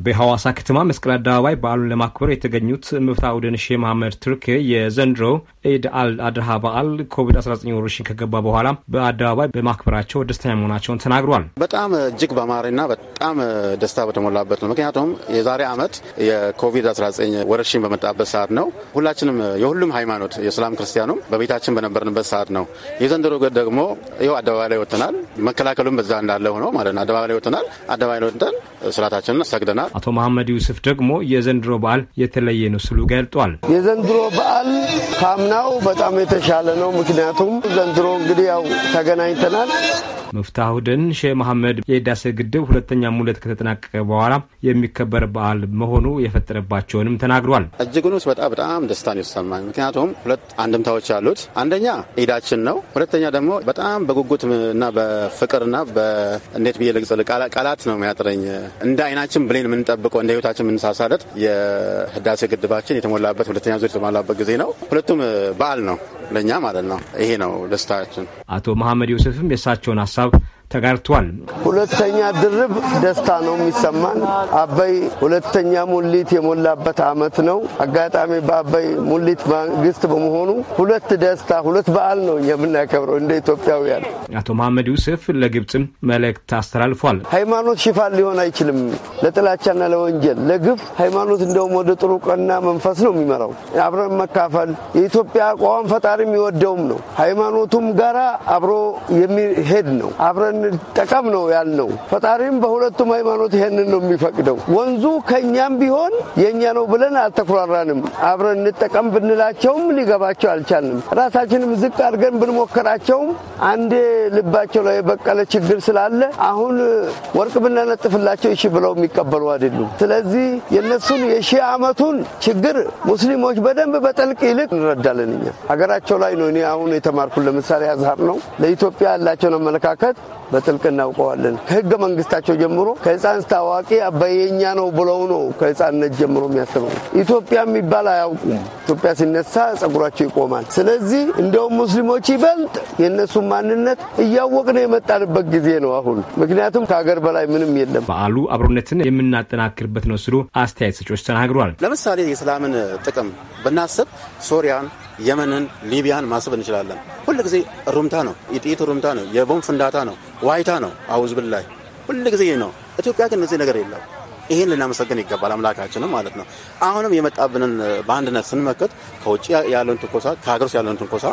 በሐዋሳ ከተማ መስቀል አደባባይ በዓሉን ለማክበር የተገኙት መፍታ ኡድን ሼህ መሐመድ ቱርክ የዘንድሮ ኢድ አል አድሃ በዓል ኮቪድ-19 ወረርሽኝ ከገባ በኋላ በአደባባይ በማክበራቸው ደስተኛ መሆናቸውን ተናግሯል። በጣም እጅግ በማሬና በጣም ደስታ በተሞላበት ነው። ምክንያቱም የዛሬ ዓመት የኮቪድ-19 ወረርሽኝ በመጣበት ሰዓት ነው። ሁላችንም የሁሉም ሃይማኖት የእስላም ክርስቲያኑም በቤታችን በነበርንበት ሰዓት ነው። የዘንድሮ ደግሞ ይኸው አደባባይ ላይ ወጥተናል። መከላከሉም በዛ እንዳለ ሆኖ ማለት ነው። አደባባይ ላይ ወጥተናል። አደባባይ ላይ ወጥተን ስርዓታችንን ሰግደናል። አቶ መሐመድ ዩስፍ ደግሞ የዘንድሮ በዓል የተለየ ነው ስሉ ገልጧል። የዘንድሮ በዓል ካምናው በጣም የተሻለ ነው። ምክንያቱም ዘንድሮ እንግዲህ ያው ተገናኝተናል። መፍታሁድን ሼህ መሐመድ የህዳሴ ግድብ ሁለተኛ ሙሌት ከተጠናቀቀ በኋላ የሚከበር በዓል መሆኑ የፈጠረባቸውንም ተናግሯል። እጅጉን ውስጥ በጣም በጣም ደስታ ነው የተሰማኝ። ምክንያቱም ሁለት አንድምታዎች አሉት። አንደኛ ኢዳችን ነው። ሁለተኛ ደግሞ በጣም በጉጉት እና በፍቅርና በእንዴት ብዬ ልግለጽ ቃላት ነው የሚያጥረኝ እንደ አይናችን ብሌን የምንጠብቀው እንደ ህይወታችን የምንሳሳለት የህዳሴ ግድባችን የተሞላበት ሁለተኛ ዙር የተሟላበት ጊዜ ነው። ሁለቱም በዓል ነው። ለእኛ ማለት ነው። ይሄ ነው ደስታችን። አቶ መሐመድ ዮሴፍም የእሳቸውን ሀሳብ ተጋርቷል። ሁለተኛ ድርብ ደስታ ነው የሚሰማን። አባይ ሁለተኛ ሙሊት የሞላበት አመት ነው። አጋጣሚ በአባይ ሙሊት መንግስት በመሆኑ ሁለት ደስታ፣ ሁለት በዓል ነው የምናከብረው እንደ ኢትዮጵያውያን። አቶ መሐመድ ዩስፍ ለግብፅም መልእክት አስተላልፏል። ሃይማኖት ሽፋን ሊሆን አይችልም ለጥላቻና ለወንጀል ለግብ ሃይማኖት እንደውም ወደ ጥሩ ቀና መንፈስ ነው የሚመራው። አብረን መካፈል የኢትዮጵያ አቋም ፈጣሪ መማር የሚወደውም ነው። ሃይማኖቱም ጋራ አብሮ የሚሄድ ነው። አብረን ጠቀም ነው ያልነው። ፈጣሪም በሁለቱም ሃይማኖት ይሄንን ነው የሚፈቅደው። ወንዙ ከእኛም ቢሆን የእኛ ነው ብለን አልተኩራራንም። አብረን እንጠቀም ብንላቸውም ሊገባቸው አልቻልንም። ራሳችንም ዝቅ አድርገን ብንሞከራቸውም አንዴ ልባቸው ላይ የበቀለ ችግር ስላለ አሁን ወርቅ ብናነጥፍላቸው እሺ ብለው የሚቀበሉ አይደሉም። ስለዚህ የነሱን የሺህ ዓመቱን ችግር ሙስሊሞች በደንብ በጠልቅ ይልቅ እንረዳለን እኛ ሀገራችን እሳቸው ላይ ነው እኔ አሁን የተማርኩት። ለምሳሌ አዛር ነው ለኢትዮጵያ ያላቸውን አመለካከት በጥልቅ እናውቀዋለን። ከህገ መንግስታቸው ጀምሮ ከህፃን ስታዋቂ አባየኛ ነው ብለው ነው ከህፃንነት ጀምሮ የሚያስበው። ኢትዮጵያ የሚባል አያውቁም። ኢትዮጵያ ሲነሳ ጸጉራቸው ይቆማል። ስለዚህ እንደውም ሙስሊሞች ይበልጥ የእነሱን ማንነት እያወቅን የመጣንበት ጊዜ ነው አሁን። ምክንያቱም ከሀገር በላይ ምንም የለም። በዓሉ አብሮነትን የምናጠናክርበት ነው ሲሉ አስተያየት ሰጮች ተናግረዋል። ለምሳሌ የሰላምን ጥቅም ብናስብ ሶሪያን የመንን፣ ሊቢያን ማሰብ እንችላለን። ጊዜ ሩምታ ነው፣ የጥይት ሩምታ ነው፣ የቦምብ ፍንዳታ ነው፣ ዋይታ ነው። አውዝ ብላይ ጊዜ ነው። ኢትዮጵያ ግን እዚህ ነገር የለም። ይህን ልናመሰግን ይገባል አምላካችንም ማለት ነው። አሁንም የመጣብንን በአንድነት ስንመከት ከውጭ ያለን ትንኮሳ፣ ከሀገር ውስጥ ያለን ትንኮሳ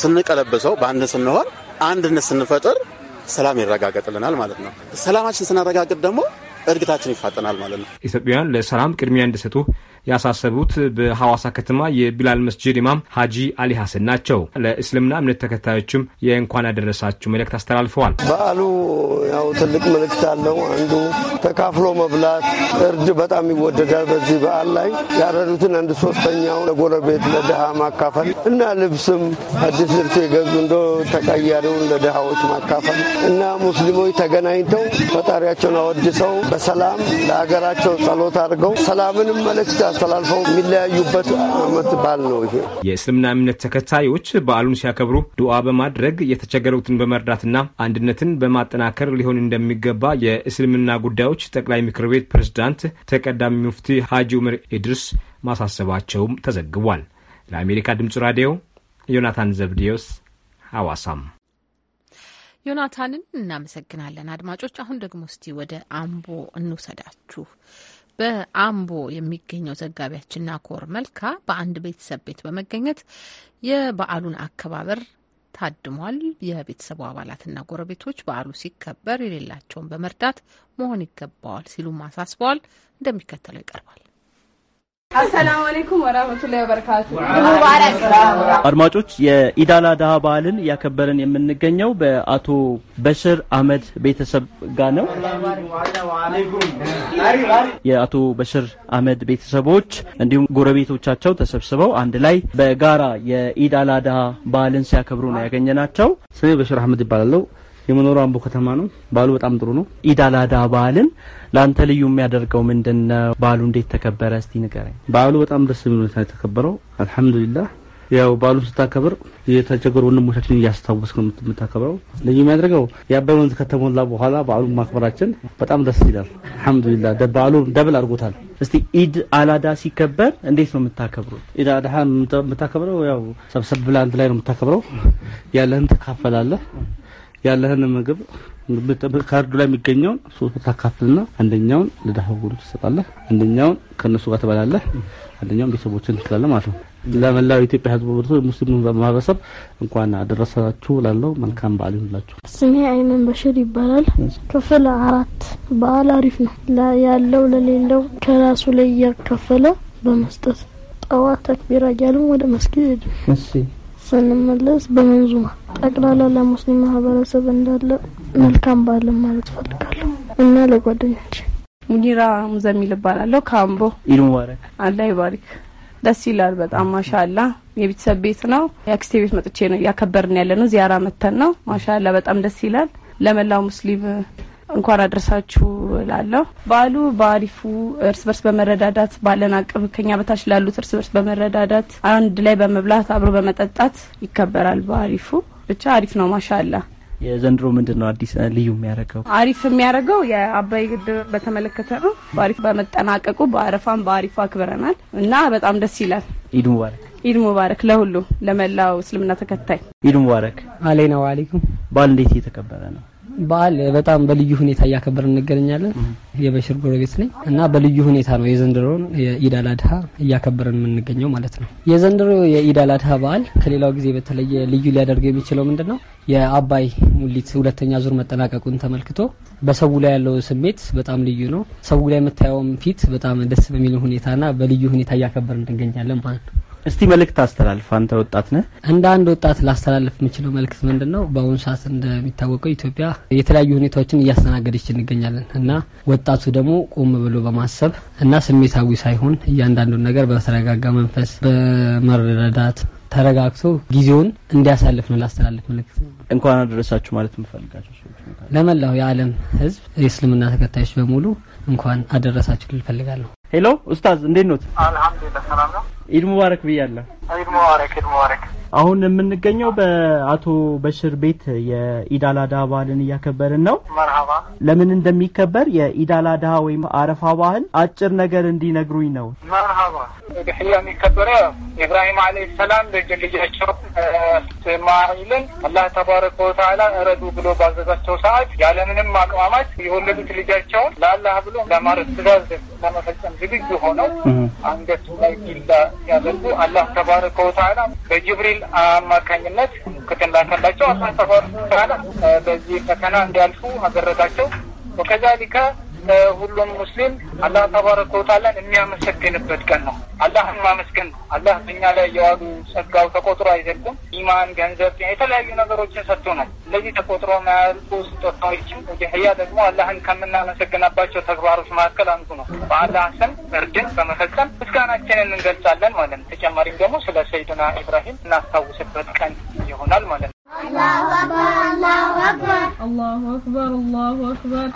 ስንቀለብሰው፣ በአንድነት ስንሆን፣ አንድነት ስንፈጥር ሰላም ይረጋገጥልናል ማለት ነው። ሰላማችን ስናረጋግጥ ደግሞ እድገታችን ይፋጠናል ማለት ነው። ኢትዮጵያውያን ለሰላም ቅድሚያ እንዲሰጡ ያሳሰቡት በሐዋሳ ከተማ የቢላል መስጂድ ኢማም ሀጂ አሊ ሀሰን ናቸው። ለእስልምና እምነት ተከታዮችም የእንኳን ያደረሳችሁ መልእክት አስተላልፈዋል። በዓሉ ያው ትልቅ መልእክት አለው። አንዱ ተካፍሎ መብላት፣ እርድ በጣም ይወደዳል። በዚህ በዓል ላይ ያረዱትን አንድ ሶስተኛው ለጎረቤት ለድሃ ማካፈል እና ልብስም አዲስ ልብስ የገዙ እንደ ተቀያሪውን ለድሃዎች ማካፈል እና ሙስሊሞች ተገናኝተው ፈጣሪያቸውን አወድሰው በሰላም ለሀገራቸው ጸሎት አድርገው ሰላምንም መልእክት አስተላልፈው የሚለያዩበት ዓመት በዓል ነው ይሄ። የእስልምና እምነት ተከታዮች በዓሉን ሲያከብሩ ዱዓ በማድረግ የተቸገሩትን በመርዳትና አንድነትን በማጠናከር ሊሆን እንደሚገባ የእስልምና ጉዳዮች ጠቅላይ ምክር ቤት ፕሬዝዳንት ተቀዳሚ ሙፍቲ ሀጂ ኡመር ኢድሪስ ማሳሰባቸውም ተዘግቧል። ለአሜሪካ ድምጽ ራዲዮ ዮናታን ዘብዲዮስ ሐዋሳም። ዮናታንን እናመሰግናለን። አድማጮች፣ አሁን ደግሞ እስቲ ወደ አምቦ እንውሰዳችሁ። በአምቦ የሚገኘው ዘጋቢያችን ናኮር መልካ በአንድ ቤተሰብ ቤት በመገኘት የበዓሉን አከባበር ታድሟል። የቤተሰቡ አባላትና ጎረቤቶች በዓሉ ሲከበር የሌላቸውን በመርዳት መሆን ይገባዋል ሲሉም አሳስበዋል። እንደሚከተለው ይቀርባል። አሰላሙ አለይኩም ወራህመቱላሂ ወበረካቱ። ሙባረክ አድማጮች፣ የኢዳላ ዳሃ በዓልን እያከበረን የምንገኘው በአቶ በሽር አህመድ ቤተሰብ ጋር ነው። የአቶ በሽር አህመድ ቤተሰቦች እንዲሁም ጎረቤቶቻቸው ተሰብስበው አንድ ላይ በጋራ የኢዳላ ዳሃ በዓልን ሲያከብሩ ነው ያገኘናቸው። ስሜ በሽር አህመድ ይባላለሁ። የመኖሩ አምቦ ከተማ ነው። በዓሉ በጣም ጥሩ ነው። ኢድ አላዳ በዓልን ለአንተ ልዩ የሚያደርገው ምንድን ነው? በዓሉ እንዴት ተከበረ? እስቲ ንገረኝ። በዓሉ በጣም ደስ የሚል ሁኔታ የተከበረው አልሐምዱሊላህ። ያው በዓሉን ስታከብር የተቸገሩ ወንድሞቻችን እያስታወስክ ነው የምታከብረው። ልዩ የሚያደርገው የአባይ ወንዝ ከተሞላ በኋላ በዓሉን ማክበራችን በጣም ደስ ይላል። አልሐምዱሊላ በዓሉ ደብል አድርጎታል። እስቲ ኢድ አላዳ ሲከበር እንዴት ነው የምታከብሩት? ኢድ አላዳ የምታከብረው ያው ሰብሰብ ብለህ አንድ ላይ ነው የምታከብረው። ያለህን ትካፈላለህ ያለህን ምግብ ካርዱ ላይ የሚገኘውን ሶስት ታካፍልና አንደኛውን ለደሃው ትሰጣለህ፣ አንደኛውን ከነሱ ጋር ትበላለህ፣ አንደኛውን ቤተሰቦችን ትችላለህ ማለት ነው። ለመላው ኢትዮጵያ ሕዝብ ወርቶ ሙስሊሙ ማህበረሰብ እንኳን አደረሳችሁ። ላለው መልካም በዓል ይሁንላችሁ። ስሜ አይመን በሽር ይባላል። ክፍል አራት በዓል አሪፍ ነው። ያለው ለሌለው ከራሱ ላይ እያካፈለ በመስጠት ጠዋት ተክቢራ እያልን ወደ መስጊድ ሄዱ። ስንመለስ በመንዙ ጠቅላላ ለሙስሊም ማህበረሰብ እንዳለ መልካም በዓልን ማለት ፈልጋለሁ እና ለጓደኞች ሙኒራ ሙዘሚል እባላለሁ ከአምቦ። ኢድ ሙባረክ። አላህ ይባርክ። ደስ ይላል በጣም ማሻላ። የቤተሰብ ቤት ነው። የአክስቴ ቤት መጥቼ ነው እያከበርን ያለ ነው። ዚያራ መተን ነው። ማሻላ በጣም ደስ ይላል። ለመላው ሙስሊም እንኳን አድረሳችሁ ላለሁ በዓሉ በአሪፉ እርስ በርስ በመረዳዳት ባለን አቅም ከኛ በታች ላሉት እርስ በርስ በመረዳዳት አንድ ላይ በመብላት አብሮ በመጠጣት ይከበራል። በአሪፉ ብቻ አሪፍ ነው። ማሻላ የዘንድሮ ምንድን ነው አዲስ ልዩ የሚያደርገው? አሪፍ የሚያደርገው የአባይ ግድብ በተመለከተ ነው። በአሪፍ በመጠናቀቁ በአረፋም በአሪፉ አክብረናል እና በጣም ደስ ይላል። ኢድ ሙባረክ። ኢድ ሙባረክ ለሁሉ ለመላው እስልምና ተከታይ ኢድ ሙባረክ። አሌና ዋሌኩም። በዓል እንዴት እየተከበረ ነው? በዓል በጣም በልዩ ሁኔታ እያከበርን እንገኛለን። የበሽር ጎረቤት ነኝ እና በልዩ ሁኔታ ነው የዘንድሮውን የኢድ አል አድሃ እያከበርን የምንገኘው ማለት ነው። የዘንድሮ የኢድ አል አድሃ በዓል ከሌላው ጊዜ በተለየ ልዩ ሊያደርገው የሚችለው ምንድን ነው? የአባይ ሙሊት ሁለተኛ ዙር መጠናቀቁን ተመልክቶ በሰው ላይ ያለው ስሜት በጣም ልዩ ነው። ሰው ላይ የምታየውም ፊት በጣም ደስ በሚል ሁኔታና በልዩ ሁኔታ እያከበርን እንገኛለን ማለት ነው። እስቲ መልእክት አስተላልፍ። አንተ ወጣት ነህ። እንደ አንድ ወጣት ላስተላልፍ የምችለው መልእክት ምንድን ነው? በአሁኑ ሰዓት እንደሚታወቀው ኢትዮጵያ የተለያዩ ሁኔታዎችን እያስተናገደች እንገኛለን እና ወጣቱ ደግሞ ቆም ብሎ በማሰብ እና ስሜታዊ ሳይሆን እያንዳንዱን ነገር በተረጋጋ መንፈስ በመረዳት ተረጋግቶ ጊዜውን እንዲያሳልፍ ነው ላስተላልፍ መልእክት። እንኳን አደረሳችሁ ማለት የምፈልጋቸው ለመላው የዓለም ሕዝብ የእስልምና ተከታዮች በሙሉ እንኳን አደረሳችሁ ልፈልጋለሁ። ሄሎ ኡስታዝ እንዴት ኖት? አልሐምዱሊላህ ሰላም ነው። ኢድ ሙባረክ ብያለሁ። ኢድ ሙባረክ ኢድ ሙባረክ አሁን የምንገኘው በአቶ በሽር ቤት የኢዳላ አድሃ በዓልን እያከበርን ነው። መርሃባ። ለምን እንደሚከበር የኢዳላ አድሃ ወይም አረፋ ባህል አጭር ነገር እንዲነግሩኝ ነው። መርሃባ። ድሕያ የሚከበረ ኢብራሂም ዓለይሂ ሰላም ልጅ ልጃቸው ማይልን አላህ ተባረከ ወተዓላ እረዱ ብሎ ባዘዛቸው ሰዓት ያለምንም አቅማማት የወለዱት ልጃቸውን ለአላህ ብሎ ለማረት ትእዛዝ ለመፈጸም ዝግጁ ሆነው አንገቱ ላይ ቢላ ሲያደርጉ አላህ ተባረከ ወተዓላ በጅብሪል በሚል አማካኝነት ክትላ ካላቸው አሳሰፈር በዚህ ፈተና እንዲያልፉ አደረጋቸው ወከዛሊከ ሁሉም ሙስሊም አላህ ተባረከ ወተዓላን የሚያመሰግንበት ቀን ነው። አላህን ማመስገን ነው። አላህ እኛ ላይ የዋሉ ጸጋው ተቆጥሮ አይዘልቅም። ኢማን፣ ገንዘብ፣ የተለያዩ ነገሮችን ሰጥቶናል። እነዚህ ተቆጥሮ ማያልቁ ስጦታዎችም ኡድሕያ ደግሞ አላህን ከምናመሰግናባቸው ተግባሮች መካከል አንዱ ነው። በአላህ ስም እርድን በመፈጸም ምስጋናችንን እንገልጻለን ማለት ነው። ተጨማሪም ደግሞ ስለ ሰይድና ኢብራሂም እናስታውስበት ቀን ይሆናል ማለት ነው። አላሁ አክበር አላሁ አክበር አላሁ አክበር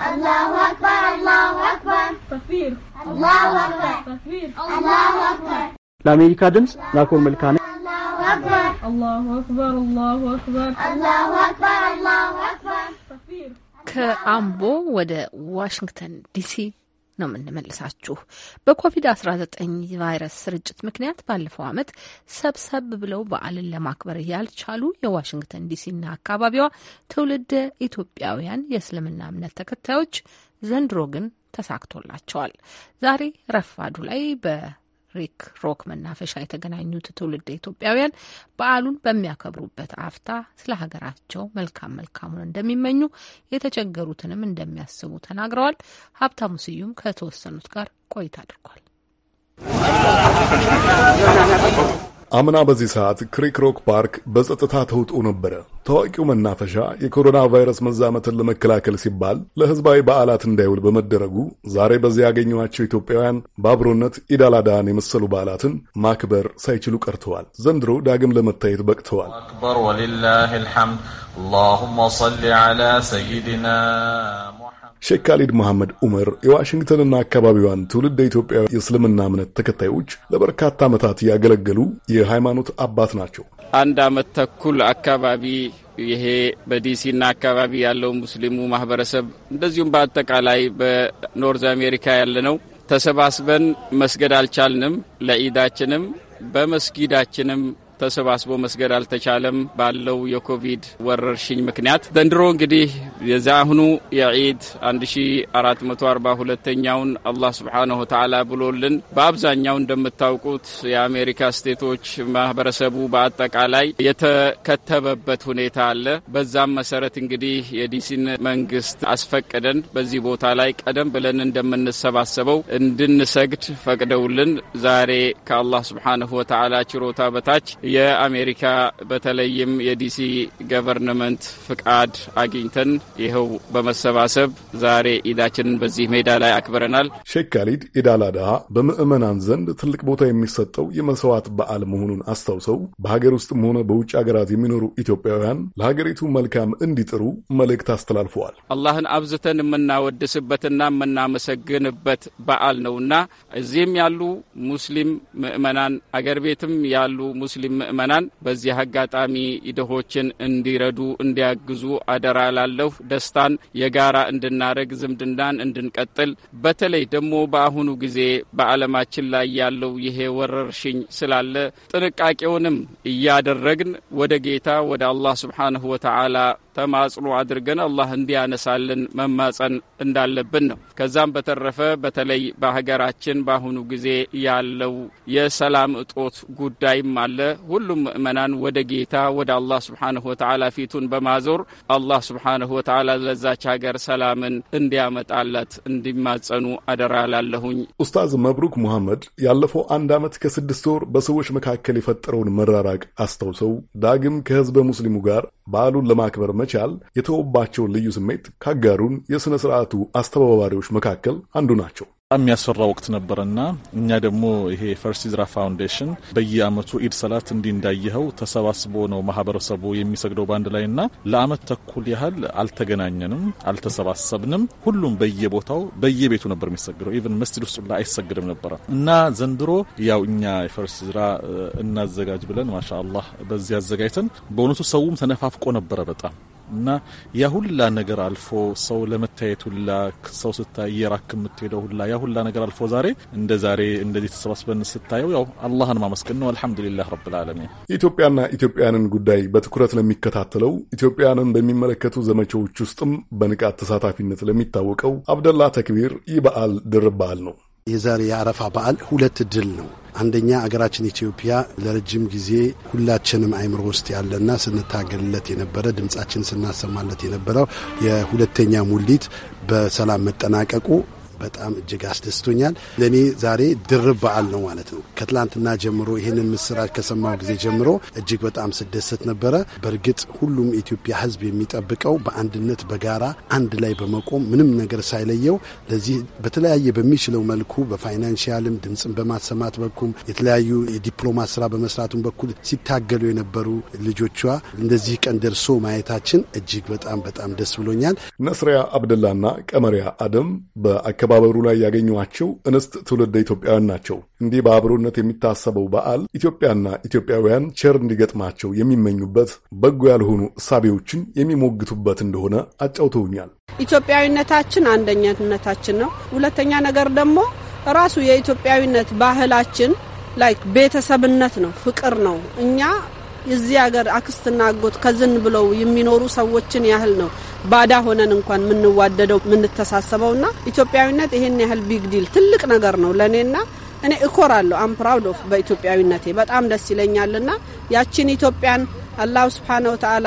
አላሁ አክበር ተክቢር አላሁ አክበር ተክቢር አላሁ አክበር ለአሜሪካ ድምፅ ናኮር መልካ ነኝ። አላሁ አክበር አላሁ አክበር አላሁ አክበር አላሁ አክበር አላሁ አክበር ከአምቦ ወደ ዋሽንግተን ዲሲ ነው የምንመልሳችሁ። በኮቪድ-19 ቫይረስ ስርጭት ምክንያት ባለፈው ዓመት ሰብሰብ ብለው በዓልን ለማክበር ያልቻሉ የዋሽንግተን ዲሲና አካባቢዋ ትውልደ ኢትዮጵያውያን የእስልምና እምነት ተከታዮች ዘንድሮ ግን ተሳክቶላቸዋል። ዛሬ ረፋዱ ላይ በ ሪክ ሮክ መናፈሻ የተገናኙት ትውልድ ኢትዮጵያውያን በዓሉን በሚያከብሩበት አፍታ ስለ ሀገራቸው መልካም መልካሙን እንደሚመኙ የተቸገሩትንም እንደሚያስቡ ተናግረዋል። ሀብታሙ ስዩም ከተወሰኑት ጋር ቆይታ አድርጓል። አምና በዚህ ሰዓት ክሪክሮክ ፓርክ በጸጥታ ተውጦ ነበረ። ታዋቂው መናፈሻ የኮሮና ቫይረስ መዛመትን ለመከላከል ሲባል ለሕዝባዊ በዓላት እንዳይውል በመደረጉ ዛሬ በዚያ ያገኘኋቸው ኢትዮጵያውያን በአብሮነት ኢዳላዳን የመሰሉ በዓላትን ማክበር ሳይችሉ ቀርተዋል። ዘንድሮ ዳግም ለመታየት በቅተዋል። አክበር ወሊላሂ ልሐምድ አላሁማ ሰሊ ሰይድና ሼክ ካሊድ መሐመድ ዑመር የዋሽንግተንና አካባቢዋን ትውልድ ኢትዮጵያ የእስልምና እምነት ተከታዮች ለበርካታ ዓመታት ያገለገሉ የሃይማኖት አባት ናቸው። አንድ ዓመት ተኩል አካባቢ ይሄ በዲሲና አካባቢ ያለው ሙስሊሙ ማህበረሰብ እንደዚሁም በአጠቃላይ በኖርዝ አሜሪካ ያለነው ተሰባስበን መስገድ አልቻልንም። ለኢዳችንም በመስጊዳችንም ተሰባስቦ መስገድ አልተቻለም ባለው የኮቪድ ወረርሽኝ ምክንያት። ዘንድሮ እንግዲህ የዛ አሁኑ የዒድ 1442ኛውን አላህ ስብሓነሁ ወተዓላ ብሎልን በአብዛኛው እንደምታውቁት የአሜሪካ ስቴቶች ማህበረሰቡ በአጠቃላይ የተከተበበት ሁኔታ አለ። በዛም መሰረት እንግዲህ የዲሲን መንግስት አስፈቅደን በዚህ ቦታ ላይ ቀደም ብለን እንደምንሰባሰበው እንድንሰግድ ፈቅደውልን ዛሬ ከአላህ ስብሓነሁ ወተዓላ ችሮታ በታች የአሜሪካ በተለይም የዲሲ ገቨርንመንት ፍቃድ አግኝተን ይኸው በመሰባሰብ ዛሬ ኢዳችንን በዚህ ሜዳ ላይ አክብረናል። ሼክ ካሊድ ኢድ አድሃ በምዕመናን ዘንድ ትልቅ ቦታ የሚሰጠው የመስዋዕት በዓል መሆኑን አስታውሰው በሀገር ውስጥም ሆነ በውጭ ሀገራት የሚኖሩ ኢትዮጵያውያን ለሀገሪቱ መልካም እንዲጥሩ መልእክት አስተላልፈዋል። አላህን አብዝተን የምናወድስበትና የምናመሰግንበት በዓል ነውና እዚህም ያሉ ሙስሊም ምዕመናን አገር ቤትም ያሉ ሙስሊም ምእመናን በዚህ አጋጣሚ ድሆችን እንዲረዱ እንዲያግዙ አደራ ላለሁ። ደስታን የጋራ እንድናደረግ ዝምድናን እንድንቀጥል፣ በተለይ ደግሞ በአሁኑ ጊዜ በዓለማችን ላይ ያለው ይሄ ወረርሽኝ ስላለ ጥንቃቄውንም እያደረግን ወደ ጌታ ወደ አላህ ስብሓንሁ ወተዓላ ተማጽኖ አድርገን አላህ እንዲያነሳልን መማጸን እንዳለብን ነው። ከዛም በተረፈ በተለይ በሀገራችን በአሁኑ ጊዜ ያለው የሰላም እጦት ጉዳይም አለ። ሁሉም ምእመናን ወደ ጌታ ወደ አላህ ስብሓንሁ ወተዓላ ፊቱን በማዞር አላህ ስብሓንሁ ወተዓላ ለዛች ሀገር ሰላምን እንዲያመጣላት እንዲማጸኑ አደራ ላለሁኝ። ኡስታዝ መብሩክ ሙሐመድ ያለፈው አንድ ዓመት ከስድስት ወር በሰዎች መካከል የፈጠረውን መራራቅ አስታውሰው ዳግም ከህዝበ ሙስሊሙ ጋር በዓሉን ለማክበር መቻል የተወባቸውን ልዩ ስሜት ካጋሩን የሥነ ሥርዓቱ አስተባባሪዎች መካከል አንዱ ናቸው። በጣም የሚያስፈራ ወቅት ነበረና እኛ ደግሞ ይሄ ፈርስት ሂጅራ ፋውንዴሽን በየአመቱ ኢድ ሰላት እንዲህ እንዳየኸው ተሰባስቦ ነው ማህበረሰቡ የሚሰግደው በአንድ ላይ ና ለአመት ተኩል ያህል አልተገናኘንም፣ አልተሰባሰብንም። ሁሉም በየቦታው በየቤቱ ነበር የሚሰግደው። ኢቨን መስጂድ ውስጥ ላ አይሰግድም ነበረ እና ዘንድሮ ያው እኛ የፈርስት ሂጅራ እናዘጋጅ ብለን ማሻ አላህ በዚህ አዘጋጅተን በእውነቱ ሰውም ተነፋፍቆ ነበረ በጣም እና ያ ሁላ ነገር አልፎ ሰው ለመታየት ሁላ ሰው ስታይ እየራክ የምትሄደው ሁላ ያ ሁላ ነገር አልፎ ዛሬ እንደ ዛሬ እንደዚህ ተሰባስበን ስታየው ያው አላህን ማመስገን ነው። አልሐምዱሊላህ ረብል ዓለሚን። የኢትዮጵያና ኢትዮጵያንን ጉዳይ በትኩረት ለሚከታተለው ኢትዮጵያንን በሚመለከቱ ዘመቻዎች ውስጥም በንቃት ተሳታፊነት ለሚታወቀው አብደላ ተክቢር ይህ በዓል ድርብ በዓል ነው። የዛሬ የአረፋ በዓል ሁለት ድል ነው። አንደኛ አገራችን ኢትዮጵያ ለረጅም ጊዜ ሁላችንም አይምሮ ውስጥ ያለና ስንታገልለት የነበረ ድምጻችን ስናሰማለት የነበረው የሁለተኛ ሙሊት በሰላም መጠናቀቁ በጣም እጅግ አስደስቶኛል። ለእኔ ዛሬ ድርብ በዓል ነው ማለት ነው። ከትላንትና ጀምሮ ይህንን ምስራች ከሰማው ጊዜ ጀምሮ እጅግ በጣም ስደሰት ነበረ። በእርግጥ ሁሉም የኢትዮጵያ ሕዝብ የሚጠብቀው በአንድነት በጋራ አንድ ላይ በመቆም ምንም ነገር ሳይለየው ለዚህ በተለያየ በሚችለው መልኩ በፋይናንሽያልም ድምፅን በማሰማት በኩል የተለያዩ የዲፕሎማት ስራ በመስራቱም በኩል ሲታገሉ የነበሩ ልጆቿ እንደዚህ ቀን ደርሶ ማየታችን እጅግ በጣም በጣም ደስ ብሎኛል። ነስሪያ አብደላና ቀመሪያ አደም በአካባቢ አከባበሩ ላይ ያገኟቸው እንስት ትውልደ ኢትዮጵያውያን ናቸው። እንዲህ በአብሮነት የሚታሰበው በዓል ኢትዮጵያና ኢትዮጵያውያን ቸር እንዲገጥማቸው የሚመኙበት፣ በጎ ያልሆኑ እሳቤዎችን የሚሞግቱበት እንደሆነ አጫውተውኛል። ኢትዮጵያዊነታችን አንደኛነታችን ነው። ሁለተኛ ነገር ደግሞ ራሱ የኢትዮጵያዊነት ባህላችን ላይክ ቤተሰብነት ነው፣ ፍቅር ነው። እኛ የዚህ ሀገር አክስትና አጎት ከዝን ብለው የሚኖሩ ሰዎችን ያህል ነው ባዳ ሆነን እንኳን የምንዋደደው ና ኢትዮጵያዊነት ይሄን ያህል ቢግ ዲል ትልቅ ነገር ነው ለእኔና እኔ እኮራለሁ። አም ፕራውድ ኦፍ በኢትዮጵያዊነቴ በጣም ደስ ይለኛልና ያችን ኢትዮጵያን አላሁ ስብሓን ወተዓላ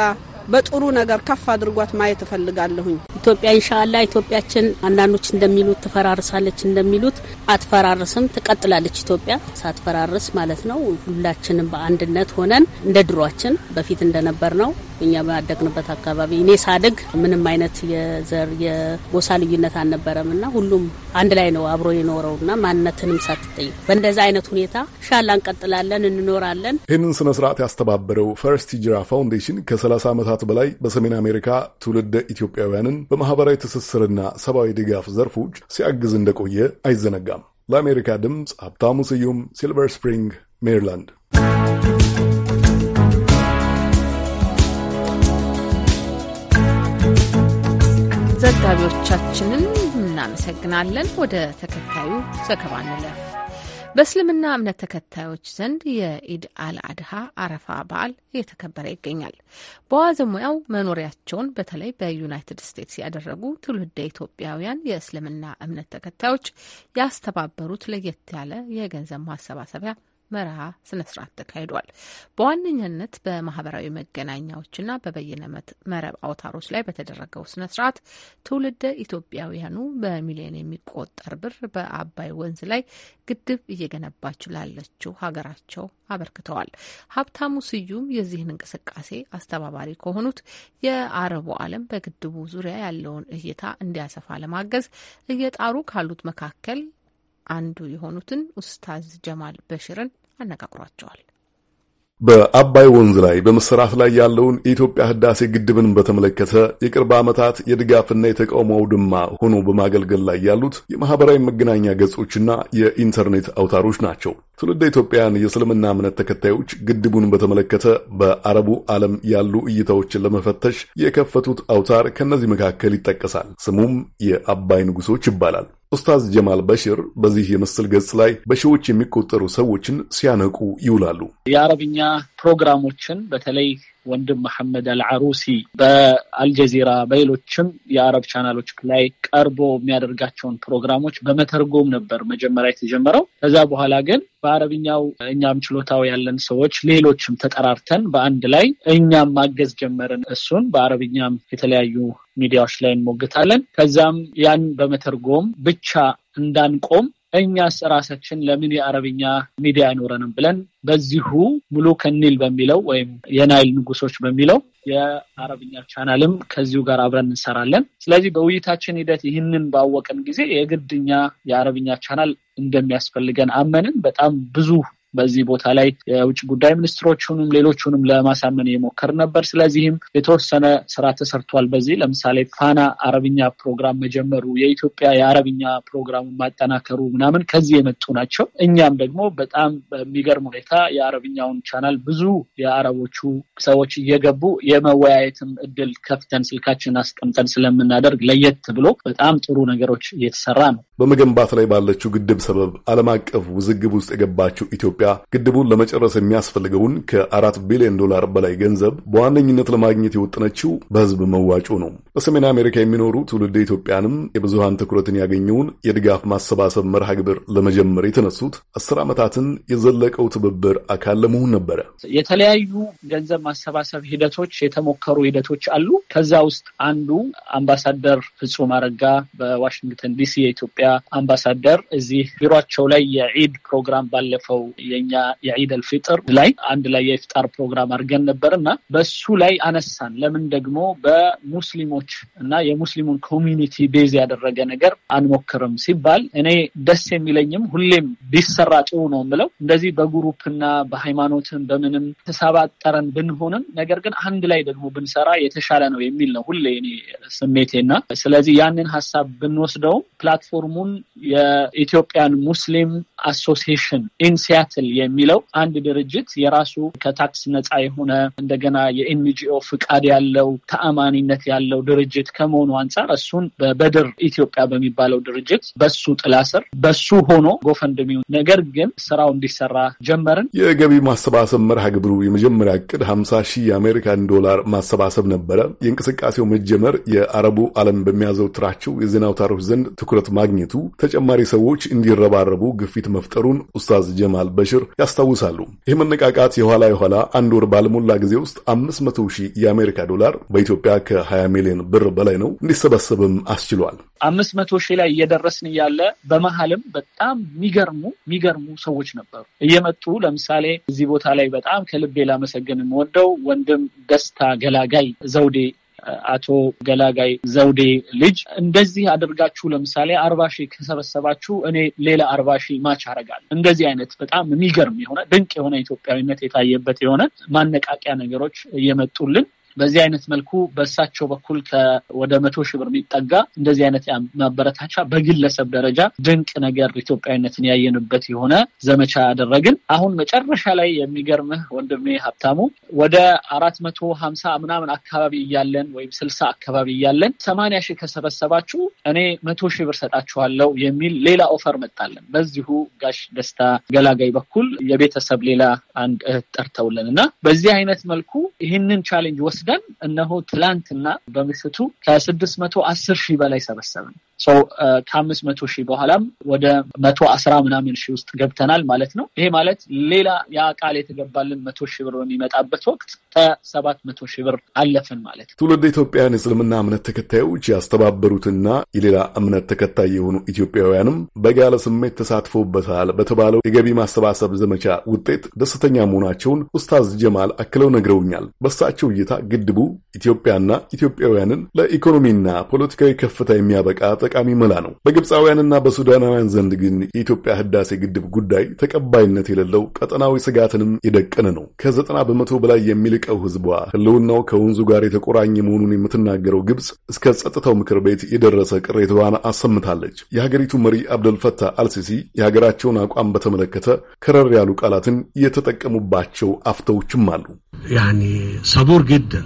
በጥሩ ነገር ከፍ አድርጓት ማየት እፈልጋለሁኝ። ኢትዮጵያ እንሻላ ኢትዮጵያችን አንዳንዶች እንደሚሉት ትፈራርሳለች እንደሚሉት አትፈራርስም፣ ትቀጥላለች ኢትዮጵያ ሳትፈራርስ ማለት ነው። ሁላችንም በአንድነት ሆነን እንደ ድሯችን በፊት እንደነበር ነው። እኛ ባደግንበት አካባቢ እኔ ሳድግ ምንም አይነት የዘር የጎሳ ልዩነት አልነበረም እና ሁሉም አንድ ላይ ነው አብሮ የኖረው እና ማንነትንም ሳትጠይቅ በእንደዚ አይነት ሁኔታ ሻላ እንቀጥላለን፣ እንኖራለን። ይህንን ስነ ስርዓት ያስተባበረው ፈርስት ጅራ ፋውንዴሽን ከ30 ዓመታት ዓመታት በላይ በሰሜን አሜሪካ ትውልደ ኢትዮጵያውያንን በማኅበራዊ ትስስርና ሰብአዊ ድጋፍ ዘርፎች ሲያግዝ እንደቆየ አይዘነጋም። ለአሜሪካ ድምፅ ሀብታሙ ስዩም ሲልቨር ስፕሪንግ ሜሪላንድ። ዘጋቢዎቻችንን እናመሰግናለን። ወደ ተከታዩ ዘገባ እንለፍ። በእስልምና እምነት ተከታዮች ዘንድ የኢድ አልአድሃ አረፋ በዓል እየተከበረ ይገኛል። በዋዘሙያው መኖሪያቸውን በተለይ በዩናይትድ ስቴትስ ያደረጉ ትውልደ ኢትዮጵያውያን የእስልምና እምነት ተከታዮች ያስተባበሩት ለየት ያለ የገንዘብ ማሰባሰቢያ መርሃ ስነ ስርዓት ተካሂዷል። በዋነኛነት በማህበራዊ መገናኛዎችና በበይነ መረብ አውታሮች ላይ በተደረገው ስነ ስርዓት ትውልደ ኢትዮጵያውያኑ በሚሊዮን የሚቆጠር ብር በአባይ ወንዝ ላይ ግድብ እየገነባችሁ ላለችው ሀገራቸው አበርክተዋል። ሀብታሙ ስዩም የዚህን እንቅስቃሴ አስተባባሪ ከሆኑት የአረቡ ዓለም በግድቡ ዙሪያ ያለውን እይታ እንዲያሰፋ ለማገዝ እየጣሩ ካሉት መካከል አንዱ የሆኑትን ኡስታዝ ጀማል በሽርን አነጋግሯቸዋል። በአባይ ወንዝ ላይ በመሰራት ላይ ያለውን የኢትዮጵያ ህዳሴ ግድብን በተመለከተ የቅርብ ዓመታት የድጋፍና የተቃውሞ አውድማ ሆኖ በማገልገል ላይ ያሉት የማህበራዊ መገናኛ ገጾችና የኢንተርኔት አውታሮች ናቸው። ትውልደ ኢትዮጵያን የእስልምና እምነት ተከታዮች ግድቡን በተመለከተ በአረቡ ዓለም ያሉ እይታዎችን ለመፈተሽ የከፈቱት አውታር ከእነዚህ መካከል ይጠቀሳል። ስሙም የአባይ ንጉሶች ይባላል። ኡስታዝ ጀማል በሽር በዚህ የምስል ገጽ ላይ በሺዎች የሚቆጠሩ ሰዎችን ሲያነቁ ይውላሉ። የአረብኛ ፕሮግራሞችን በተለይ ወንድም መሐመድ አልዓሩሲ በአልጀዚራ በሌሎችም የአረብ ቻናሎች ላይ ቀርቦ የሚያደርጋቸውን ፕሮግራሞች በመተርጎም ነበር መጀመሪያ የተጀመረው። ከዛ በኋላ ግን በአረብኛው እኛም ችሎታው ያለን ሰዎች ሌሎችም ተጠራርተን በአንድ ላይ እኛም ማገዝ ጀመርን። እሱን በአረብኛም የተለያዩ ሚዲያዎች ላይ እንሞግታለን። ከዛም ያን በመተርጎም ብቻ እንዳንቆም እኛስ ራሳችን ለምን የአረብኛ ሚዲያ አይኖረንም ብለን በዚሁ ሙሉ ከኒል በሚለው ወይም የናይል ንጉሶች በሚለው የአረብኛ ቻናልም ከዚሁ ጋር አብረን እንሰራለን። ስለዚህ በውይይታችን ሂደት ይህንን ባወቅን ጊዜ የግድኛ የአረብኛ ቻናል እንደሚያስፈልገን አመንን። በጣም ብዙ በዚህ ቦታ ላይ የውጭ ጉዳይ ሚኒስትሮቹንም ሌሎቹንም ለማሳመን የሞከር ነበር። ስለዚህም የተወሰነ ስራ ተሰርቷል። በዚህ ለምሳሌ ፋና አረብኛ ፕሮግራም መጀመሩ፣ የኢትዮጵያ የአረብኛ ፕሮግራም ማጠናከሩ ምናምን ከዚህ የመጡ ናቸው። እኛም ደግሞ በጣም በሚገርም ሁኔታ የአረብኛውን ቻናል ብዙ የአረቦቹ ሰዎች እየገቡ የመወያየትም እድል ከፍተን ስልካችንን አስቀምጠን ስለምናደርግ ለየት ብሎ በጣም ጥሩ ነገሮች እየተሰራ ነው። በመገንባት ላይ ባለችው ግድብ ሰበብ ዓለም አቀፍ ውዝግብ ውስጥ የገባችው ኢትዮጵያ ኢትዮጵያ ግድቡን ለመጨረስ የሚያስፈልገውን ከአራት ቢሊዮን ዶላር በላይ ገንዘብ በዋነኝነት ለማግኘት የወጠነችው በህዝብ መዋጮ ነው። በሰሜን አሜሪካ የሚኖሩ ትውልድ ኢትዮጵያንም የብዙሃን ትኩረትን ያገኘውን የድጋፍ ማሰባሰብ መርሃ ግብር ለመጀመር የተነሱት አስር ዓመታትን የዘለቀው ትብብር አካል ለመሆን ነበረ። የተለያዩ ገንዘብ ማሰባሰብ ሂደቶች የተሞከሩ ሂደቶች አሉ። ከዛ ውስጥ አንዱ አምባሳደር ፍጹም አረጋ በዋሽንግተን ዲሲ የኢትዮጵያ አምባሳደር እዚህ ቢሯቸው ላይ የዒድ ፕሮግራም ባለፈው የእኛ የዒደል ፍጥር ላይ አንድ ላይ የፍጣር ፕሮግራም አድርገን ነበር እና በሱ ላይ አነሳን። ለምን ደግሞ በሙስሊሞች እና የሙስሊሙን ኮሚኒቲ ቤዝ ያደረገ ነገር አንሞክርም ሲባል እኔ ደስ የሚለኝም ሁሌም ቢሰራ ጥሩ ነው የምለው እንደዚህ በግሩፕና በሃይማኖትም በምንም ተሰባጠረን ብንሆንም ነገር ግን አንድ ላይ ደግሞ ብንሰራ የተሻለ ነው የሚል ነው ሁሌ እኔ ስሜቴና ስለዚህ ያንን ሀሳብ ብንወስደውም ፕላትፎርሙን የኢትዮጵያን ሙስሊም አሶሲሽን ኢንሲያት ይከታተል የሚለው አንድ ድርጅት የራሱ ከታክስ ነፃ የሆነ እንደገና የኤንጂኦ ፍቃድ ያለው ተአማኒነት ያለው ድርጅት ከመሆኑ አንጻር እሱን በበድር ኢትዮጵያ በሚባለው ድርጅት በሱ ጥላ ስር በሱ ሆኖ ጎፈንድሚ ነገር ግን ስራው እንዲሰራ ጀመርን። የገቢ ማሰባሰብ መርሃ ግብሩ የመጀመሪያ እቅድ ሀምሳ ሺህ የአሜሪካን ዶላር ማሰባሰብ ነበረ። የእንቅስቃሴው መጀመር የአረቡ ዓለም በሚያዘወትራቸው የዜና አውታሮች ዘንድ ትኩረት ማግኘቱ ተጨማሪ ሰዎች እንዲረባረቡ ግፊት መፍጠሩን ኡስታዝ ጀማል በ በሽር ያስታውሳሉ። ይህ መነቃቃት የኋላ የኋላ አንድ ወር ባልሞላ ጊዜ ውስጥ አምስት መቶ ሺህ የአሜሪካ ዶላር በኢትዮጵያ ከ20 ሚሊዮን ብር በላይ ነው እንዲሰበሰብም አስችሏል። አምስት መቶ ሺህ ላይ እየደረስን እያለ በመሀልም በጣም የሚገርሙ የሚገርሙ ሰዎች ነበሩ እየመጡ ለምሳሌ እዚህ ቦታ ላይ በጣም ከልቤ ላመሰግን የምወደው ወንድም ደስታ ገላጋይ ዘውዴ አቶ ገላጋይ ዘውዴ ልጅ እንደዚህ አድርጋችሁ ለምሳሌ አርባ ሺህ ከሰበሰባችሁ እኔ ሌላ አርባ ሺህ ማች አረጋለሁ። እንደዚህ አይነት በጣም የሚገርም የሆነ ድንቅ የሆነ ኢትዮጵያዊነት የታየበት የሆነ ማነቃቂያ ነገሮች እየመጡልን በዚህ አይነት መልኩ በእሳቸው በኩል ወደ መቶ ሺህ ብር የሚጠጋ እንደዚህ አይነት ማበረታቻ በግለሰብ ደረጃ ድንቅ ነገር ኢትዮጵያዊነትን ያየንበት የሆነ ዘመቻ ያደረግን። አሁን መጨረሻ ላይ የሚገርምህ ወንድሜ ሀብታሙ ወደ አራት መቶ ሀምሳ ምናምን አካባቢ እያለን ወይም ስልሳ አካባቢ እያለን ሰማንያ ሺህ ከሰበሰባችሁ እኔ መቶ ሺህ ብር ሰጣችኋለሁ የሚል ሌላ ኦፈር መጣለን። በዚሁ ጋሽ ደስታ ገላጋይ በኩል የቤተሰብ ሌላ አንድ እህት ጠርተውልን እና በዚህ አይነት መልኩ ይህንን ቻሌንጅ ወስ ወስደን እነሆ ትላንትና በምሽቱ ከስድስት መቶ አስር ሺህ በላይ ሰበሰብን። ሰው ከአምስት መቶ ሺህ በኋላም ወደ መቶ አስራ ምናምን ሺህ ውስጥ ገብተናል ማለት ነው። ይሄ ማለት ሌላ ያ ቃል የተገባልን መቶ ሺህ ብር በሚመጣበት ወቅት ከሰባት መቶ ሺህ ብር አለፍን ማለት ነው። ትውልድ ኢትዮጵያውያን የእስልምና እምነት ተከታዮች ያስተባበሩትና የሌላ እምነት ተከታይ የሆኑ ኢትዮጵያውያንም በጋለ ስሜት ተሳትፎበታል በተባለው የገቢ ማሰባሰብ ዘመቻ ውጤት ደስተኛ መሆናቸውን ኡስታዝ ጀማል አክለው ነግረውኛል። በሳቸው እይታ ግድቡ ኢትዮጵያና ኢትዮጵያውያንን ለኢኮኖሚና ፖለቲካዊ ከፍታ የሚያበቃ ጠቃሚ መላ ነው። በግብፃውያንና በሱዳናውያን ዘንድ ግን የኢትዮጵያ ህዳሴ ግድብ ጉዳይ ተቀባይነት የሌለው ቀጠናዊ ስጋትንም የደቀነ ነው። ከዘጠና በመቶ በላይ የሚልቀው ህዝቧ ህልውናው ከወንዙ ጋር የተቆራኘ መሆኑን የምትናገረው ግብፅ እስከ ጸጥታው ምክር ቤት የደረሰ ቅሬታዋን አሰምታለች። የሀገሪቱ መሪ አብደልፈታህ አልሲሲ የሀገራቸውን አቋም በተመለከተ ከረር ያሉ ቃላትን የተጠቀሙባቸው አፍታዎችም አሉ። ሰቡር ግድን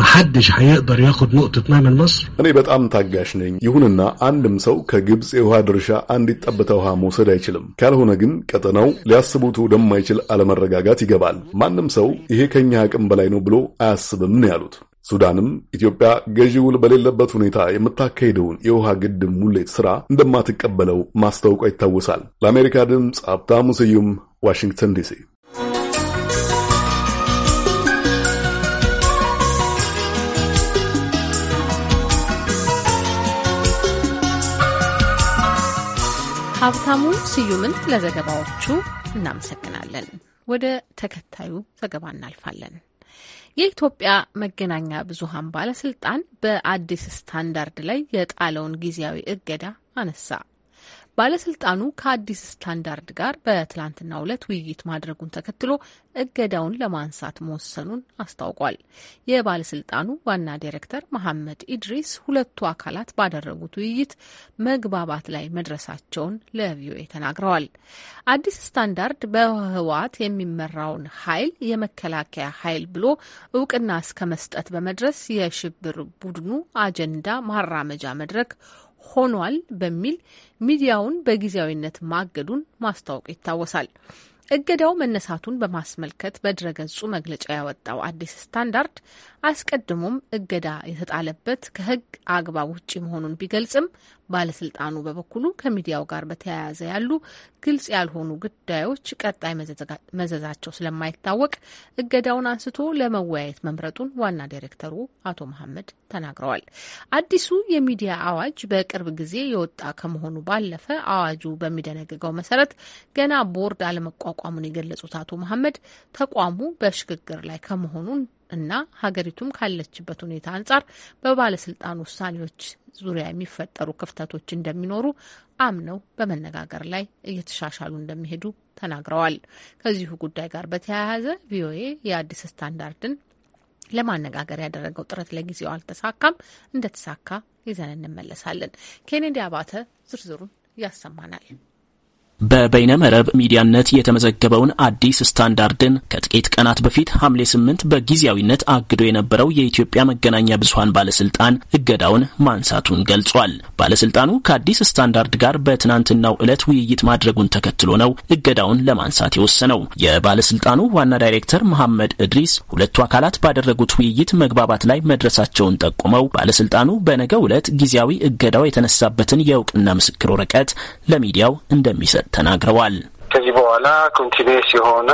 محدش هيقدر ياخد نقطة ماء من እኔ በጣም ታጋሽ ነኝ። ይሁንና አንድም ሰው ከግብፅ የውሃ ድርሻ አንዲት ጠብታ ውሃ መውሰድ አይችልም። ካልሆነ ግን ቀጠናው ሊያስቡት ወደማይችል አለመረጋጋት ይገባል። ማንም ሰው ይሄ ከኛ አቅም በላይ ነው ብሎ አያስብም ነው ያሉት። ሱዳንም ኢትዮጵያ ገዢ ውል በሌለበት ሁኔታ የምታካሄደውን የውሃ ግድብ ሙሌት ስራ እንደማትቀበለው ማስታወቋ ይታወሳል። ለአሜሪካ ድምፅ ሀብታሙ ስዩም ዋሽንግተን ዲሲ ሀብታሙ ስዩምን ለዘገባዎቹ እናመሰግናለን። ወደ ተከታዩ ዘገባ እናልፋለን። የኢትዮጵያ መገናኛ ብዙሃን ባለስልጣን በአዲስ ስታንዳርድ ላይ የጣለውን ጊዜያዊ እገዳ አነሳ። ባለስልጣኑ ከአዲስ ስታንዳርድ ጋር በትላንትናው ዕለት ውይይት ማድረጉን ተከትሎ እገዳውን ለማንሳት መወሰኑን አስታውቋል። የባለስልጣኑ ዋና ዲሬክተር መሐመድ ኢድሪስ ሁለቱ አካላት ባደረጉት ውይይት መግባባት ላይ መድረሳቸውን ለቪኦኤ ተናግረዋል። አዲስ ስታንዳርድ በህወሓት የሚመራውን ኃይል የመከላከያ ኃይል ብሎ እውቅና እስከ መስጠት በመድረስ የሽብር ቡድኑ አጀንዳ ማራመጃ መድረክ ሆኗል በሚል ሚዲያውን በጊዜያዊነት ማገዱን ማስታወቁ ይታወሳል። እገዳው መነሳቱን በማስመልከት በድረገጹ መግለጫ ያወጣው አዲስ ስታንዳርድ አስቀድሞም እገዳ የተጣለበት ከሕግ አግባብ ውጪ መሆኑን ቢገልጽም ባለስልጣኑ በበኩሉ ከሚዲያው ጋር በተያያዘ ያሉ ግልጽ ያልሆኑ ጉዳዮች ቀጣይ መዘዛቸው ስለማይታወቅ እገዳውን አንስቶ ለመወያየት መምረጡን ዋና ዳይሬክተሩ አቶ መሐመድ ተናግረዋል። አዲሱ የሚዲያ አዋጅ በቅርብ ጊዜ የወጣ ከመሆኑ ባለፈ አዋጁ በሚደነግገው መሰረት ገና ቦርድ አለመቋቋሙን የገለጹት አቶ መሐመድ ተቋሙ በሽግግር ላይ ከመሆኑን እና ሀገሪቱም ካለችበት ሁኔታ አንጻር በባለስልጣን ውሳኔዎች ዙሪያ የሚፈጠሩ ክፍተቶች እንደሚኖሩ አምነው በመነጋገር ላይ እየተሻሻሉ እንደሚሄዱ ተናግረዋል። ከዚሁ ጉዳይ ጋር በተያያዘ ቪኦኤ የአዲስ ስታንዳርድን ለማነጋገር ያደረገው ጥረት ለጊዜው አልተሳካም። እንደተሳካ ይዘን እንመለሳለን። ኬኔዲ አባተ ዝርዝሩን ያሰማናል። በበይነ መረብ ሚዲያነት የተመዘገበውን አዲስ ስታንዳርድን ከጥቂት ቀናት በፊት ሐምሌ ስምንት በጊዜያዊነት አግዶ የነበረው የኢትዮጵያ መገናኛ ብዙሃን ባለስልጣን እገዳውን ማንሳቱን ገልጿል። ባለስልጣኑ ከአዲስ ስታንዳርድ ጋር በትናንትናው ዕለት ውይይት ማድረጉን ተከትሎ ነው እገዳውን ለማንሳት የወሰነው። የባለስልጣኑ ዋና ዳይሬክተር መሐመድ እድሪስ ሁለቱ አካላት ባደረጉት ውይይት መግባባት ላይ መድረሳቸውን ጠቁመው ባለስልጣኑ በነገው ዕለት ጊዜያዊ እገዳው የተነሳበትን የእውቅና ምስክር ወረቀት ለሚዲያው እንደሚሰጥ ተናግረዋል። ከዚህ በኋላ ኮንቲኒስ የሆነ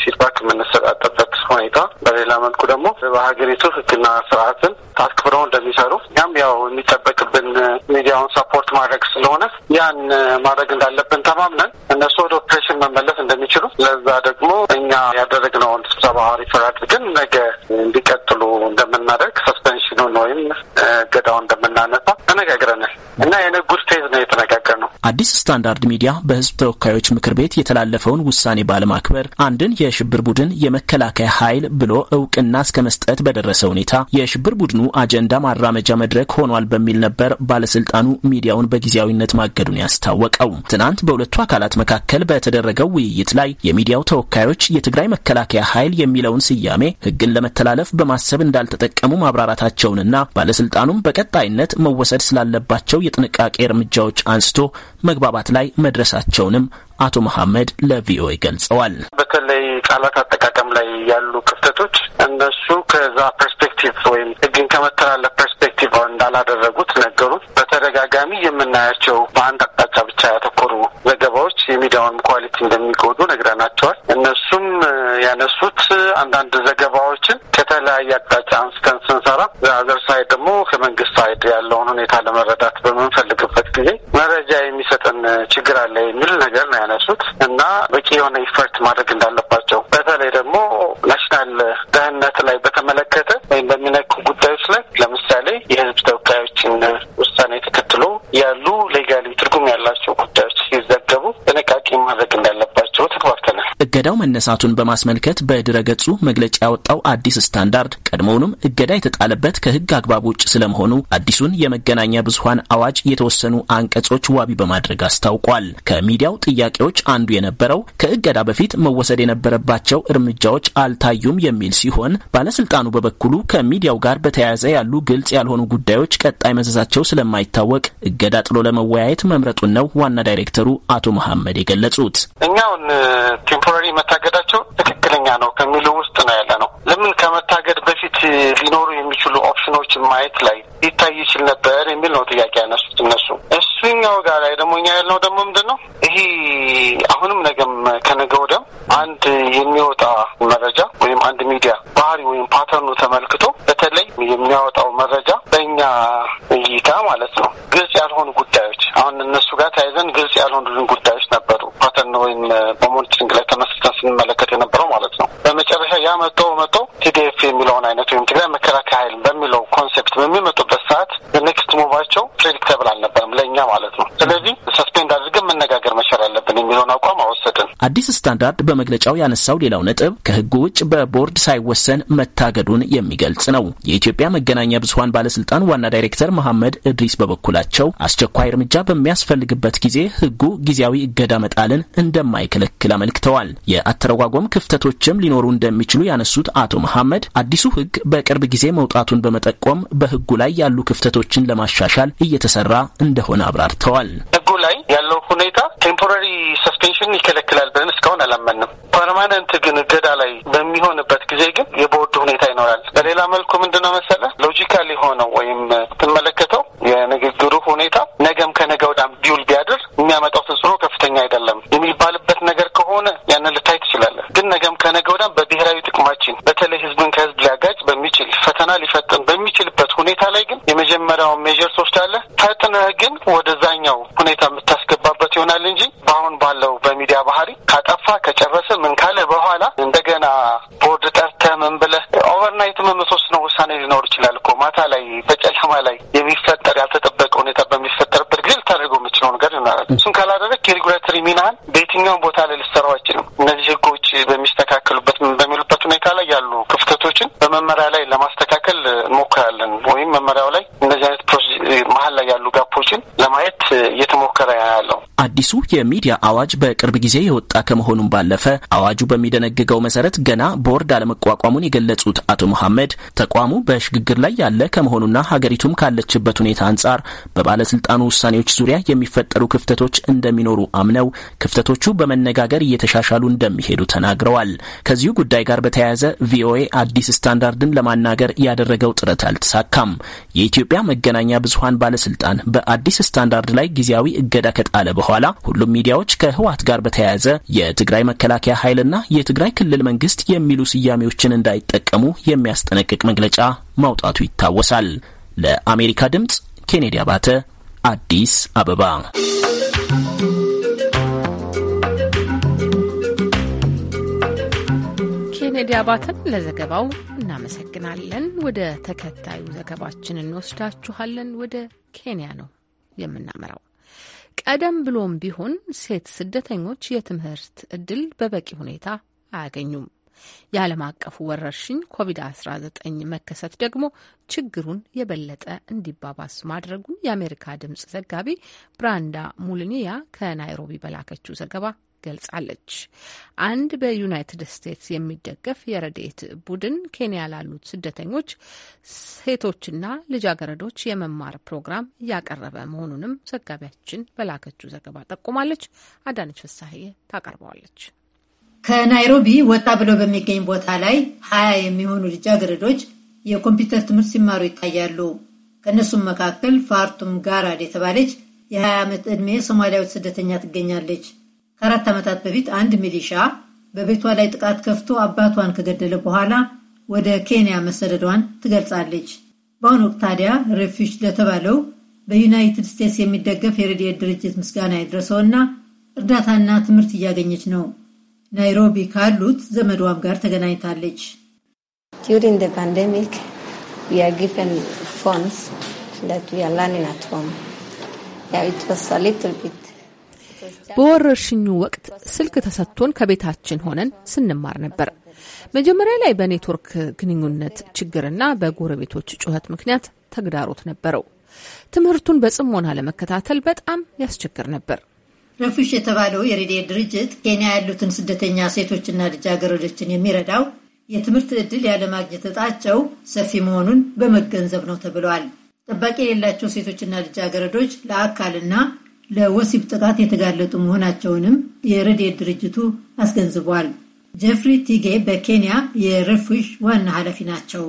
ፊድባክ የምንሰጣጠበት ሁኔታ፣ በሌላ መልኩ ደግሞ በሀገሪቱ ሕግና ስርዓትን አክብረው እንደሚሰሩ እኛም ያው የሚጠበቅብን ሚዲያውን ሰፖርት ማድረግ ስለሆነ ያን ማድረግ እንዳለብን ተማምነን እነሱ ወደ ኦፕሬሽን መመለስ እንደሚችሉ ለዛ ደግሞ እኛ ያደረግነውን ስብሰባ ሪፈር አድርገን ነገ እንዲቀጥሉ እንደምናደርግ ሰስፔንሽኑን ወይም እገዳውን እንደምናነሳ ተነጋግረናል እና የነ ጉድ ነው የተነጋገርነው አዲስ ስታንዳርድ ሚዲያ በህዝብ ተወካዮች ምክር ቤት የተላለፈውን ውሳኔ ባለማክበር አንድን የሽብር ቡድን የመከላከያ ኃይል ብሎ እውቅና እስከ መስጠት በደረሰ ሁኔታ የሽብር ቡድኑ አጀንዳ ማራመጃ መድረክ ሆኗል በሚል ነበር ባለስልጣኑ ሚዲያውን በጊዜያዊነት ማገዱን ያስታወቀው። ትናንት በሁለቱ አካላት መካከል በተደረገው ውይይት ላይ የሚዲያው ተወካዮች የትግራይ መከላከያ ኃይል የሚለውን ስያሜ ህግን ለመተላለፍ በማሰብ እንዳልተጠቀሙ ማብራራታቸውንና ባለስልጣኑም በቀጣይነት መወሰድ ስላለባቸው የጥንቃቄ እርምጃዎች አንስቶ መግባባት ላይ መድረሳቸውንም አቶ መሐመድ ለቪኦኤ ገልጸዋል። በተለይ ቃላት አጠቃቀም ላይ ያሉ ክፍተቶች እነሱ ከዛ ፐርስፔክቲቭ ወይም ህግን ከመተላለፍ ፐርስፔክቲቭ እንዳላደረጉት ነገሩት። በተደጋጋሚ የምናያቸው በአንድ አቅጣጫ ብቻ ያተኮሩ ዘገባዎች የሚዲያውን ኳሊቲ እንደሚጎዱ ነግረናቸዋል። እነሱም ያነሱት አንዳንድ ዘገባዎችን ከተለያየ አቅጣጫ አንስተን ስንሰራ በአዘር ሳይድ ደግሞ ከመንግስት ሳይድ ያለውን ሁኔታ ለመረዳት በምንፈልግበት ጊዜ መረጃ የሚሰጠን ችግር አለ የሚል ነገር ነው ያነሱት እና በቂ የሆነ ኢፈርት ማድረግ እንዳለባቸው በተለይ ደግሞ ናሽናል ደህንነት ላይ በተመለከተ ወይም በሚነኩ ጉዳዮች ላይ ለምሳሌ የህዝብ ተወካዮችን እገዳው መነሳቱን በማስመልከት በድረገጹ መግለጫ ያወጣው አዲስ ስታንዳርድ ቀድሞውንም እገዳ የተጣለበት ከህግ አግባብ ውጭ ስለመሆኑ አዲሱን የመገናኛ ብዙሀን አዋጅ የተወሰኑ አንቀጾች ዋቢ በማድረግ አስታውቋል። ከሚዲያው ጥያቄዎች አንዱ የነበረው ከእገዳ በፊት መወሰድ የነበረባቸው እርምጃዎች አልታዩም የሚል ሲሆን ባለስልጣኑ በበኩሉ ከሚዲያው ጋር በተያያዘ ያሉ ግልጽ ያልሆኑ ጉዳዮች ቀጣይ መዘዛቸው ስለማይታወቅ እገዳ ጥሎ ለመወያየት መምረጡን ነው ዋና ዳይሬክተሩ አቶ መሐመድ የገለጹት። እኛውን ቴምፖራሪ መታገዳቸው ትክክለኛ ነው ከሚሉ ውስጥ ነው ያለ ነው። ሊኖሩ የሚችሉ ኦፕሽኖችን ማየት ላይ ሊታይ ይችል ነበር የሚል ነው ጥያቄ ያነሱት እነሱ። እሱኛው ጋር ላይ ደግሞ እኛ ያልነው ደግሞ ምንድን ነው ይሄ አሁንም ነገም ከነገ ወዲያም አንድ የሚወጣ መረጃ ወይም አንድ ሚዲያ ባህሪ ወይም ፓተርኑ ተመልክቶ በተለይ የሚያወጣው መረጃ በእኛ እይታ ማለት ነው ግልጽ ያልሆኑ ጉዳዮች አሁን እነሱ ጋር ተያይዘን ግልጽ ያልሆኑልን ጉዳዮች ነበሩ። ፓተርን ወይም በሞኒተሪንግ ላይ ተመስርተን ስንመለከት የነበረው ማለት ነው። በመጨረሻ ያ መጥቶ መጥቶ ቲዲኤፍ የሚለውን አይነት ወይም ትግራይ መከላከያ ኃይል በሚለው ኮንሴፕት በሚመጡበት ሰዓት ኔክስት ሙቫቸው ፕሬዲክተብል አልነበረም ለእኛ ማለት ነው። ስለዚህ ሰስፔንድ አድርገን መነጋገር መቻል አለብን የሚለውን አቋም አወሰድን። አዲስ ስታንዳርድ በመግለጫው ያነሳው ሌላው ነጥብ ከህጉ ውጭ በቦርድ ሳይወሰን መታገዱን የሚገልጽ ነው። የኢትዮጵያ መገናኛ ብዙሀን ባለስልጣን ዋና ዳይሬክተር መሐመድ እድሪስ በበኩላቸው አስቸኳይ እርምጃ በሚያስፈልግበት ጊዜ ህጉ ጊዜያዊ እገዳ መጣልን እንደማይከለክል አመልክተዋል። የአተረጓጎም ክፍተቶችም ሊኖሩ እንደሚችሉ ያነሱት አቶ መሐመድ አዲሱ ህግ በቅርብ ጊዜ መውጣቱን በመጠቆም በህጉ ላይ ያሉ ክፍተቶችን ለማሻሻል እየተሰራ እንደሆነ አብራርተዋል። ህጉ ላይ ያለው ሁኔታ ቴምፖራሪ ሰስፔንሽን ይከለክላል ብለን እስካሁን አላመንም። ፐርማነንት ግን እገዳ ላይ በሚሆንበት ጊዜ ግን የቦርድ ሁኔታ ይኖራል። በሌላ መልኩ ምንድነው መሰለ ሎጂካል የሆነው ወይም ትመለከተው የንግግሩ ሁኔታ ነገም ከነገ ወዳም ቢውል ቢያድር የሚያመጣው ተጽዕኖ ከፍተኛ አይደለም የሚባልበት ነገር ከሆነ ያንን ልታይ ትችላለህ። ግን ነገም ከነገ ወዳም በብሔራዊ ጥቅማችን በተለይ ህዝብን ከህዝብ ሊያጋጭ በሚችል ፈተና ሊፈጥን በሚችልበት ሁኔታ ላይ ግን የመጀመሪያውን ሜዥር ትወስዳለህ። ፈጥነህ ግን ወደዛኛው ሁኔታ የምታስ አዲሱ የሚዲያ አዋጅ በቅርብ ጊዜ የወጣ ከመሆኑም ባለፈ አዋጁ በሚደነግገው መሰረት ገና ቦርድ አለመቋቋሙን የገለጹት አቶ መሐመድ ተቋሙ በሽግግር ላይ ያለ ከመሆኑና ሀገሪቱም ካለችበት ሁኔታ አንጻር በባለስልጣኑ ውሳኔዎች ዙሪያ የሚፈጠሩ ክፍተቶች እንደሚኖሩ አምነው ክፍተቶቹ በመነጋገር እየተሻሻሉ እንደሚሄዱ ተናግረዋል። ከዚሁ ጉዳይ ጋር በተያያዘ ቪኦኤ አዲስ ስታንዳርድን ለማናገር ያደረገው ጥረት አልተሳካም። የኢትዮጵያ መገናኛ ብዙሀን ባለስልጣን በአዲስ ስታንዳርድ ላይ ጊዜያዊ እገዳ ከጣለ በኋላ ሁሉም ሚዲያዎች ከህወሓት ጋር በተያያዘ የትግራይ መከላከያ ኃይልና የትግራይ ክልል መንግስት የሚሉ ስያሜዎችን እንዳይጠቀሙ የሚያስጠነቅቅ መግለጫ ማውጣቱ ይታወሳል። ለአሜሪካ ድምፅ ኬኔዲ አባተ አዲስ አበባ። ኬኔዲ አባተን ለዘገባው እናመሰግናለን። ወደ ተከታዩ ዘገባችን እንወስዳችኋለን። ወደ ኬንያ ነው የምናመራው። ቀደም ብሎም ቢሆን ሴት ስደተኞች የትምህርት እድል በበቂ ሁኔታ አያገኙም። የዓለም አቀፉ ወረርሽኝ ኮቪድ-19 መከሰት ደግሞ ችግሩን የበለጠ እንዲባባስ ማድረጉን የአሜሪካ ድምፅ ዘጋቢ ብራንዳ ሙልኒያ ከናይሮቢ በላከችው ዘገባ ገልጻለች። አንድ በዩናይትድ ስቴትስ የሚደገፍ የረዴት ቡድን ኬንያ ላሉት ስደተኞች ሴቶችና ልጃገረዶች የመማር ፕሮግራም እያቀረበ መሆኑንም ዘጋቢያችን በላከችው ዘገባ ጠቁማለች። አዳነች ፍሳሄ ታቀርበዋለች። ከናይሮቢ ወጣ ብሎ በሚገኝ ቦታ ላይ ሀያ የሚሆኑ ልጃገረዶች የኮምፒውተር ትምህርት ሲማሩ ይታያሉ። ከእነሱም መካከል ፋርቱም ጋራድ የተባለች የ20 ዓመት ዕድሜ ሶማሊያዊት ስደተኛ ትገኛለች። ከአራት ዓመታት በፊት አንድ ሚሊሻ በቤቷ ላይ ጥቃት ከፍቶ አባቷን ከገደለ በኋላ ወደ ኬንያ መሰደዷን ትገልጻለች። በአሁኑ ወቅት ታዲያ ሬፊጅ ለተባለው በዩናይትድ ስቴትስ የሚደገፍ የረድኤት ድርጅት ምስጋና የደረሰውና እርዳታና ትምህርት እያገኘች ነው። ናይሮቢ ካሉት ዘመዷም ጋር ተገናኝታለች። በወረርሽኙ ወቅት ስልክ ተሰጥቶን ከቤታችን ሆነን ስንማር ነበር። መጀመሪያ ላይ በኔትወርክ ግንኙነት ችግርና በጎረቤቶች ጩኸት ምክንያት ተግዳሮት ነበረው። ትምህርቱን በጽሞና ለመከታተል በጣም ያስቸግር ነበር። ረፉሽ የተባለው የሬዲየት ድርጅት ኬንያ ያሉትን ስደተኛ ሴቶችና ልጃገረዶችን የሚረዳው የትምህርት ዕድል ያለማግኘት እጣቸው ሰፊ መሆኑን በመገንዘብ ነው ተብለዋል። ጠባቂ የሌላቸው ሴቶችና ልጃገረዶች ለአካልና ለወሲብ ጥቃት የተጋለጡ መሆናቸውንም የረድኤት ድርጅቱ አስገንዝቧል። ጀፍሪ ቲጌ በኬንያ የረፉሽ ዋና ኃላፊ ናቸው።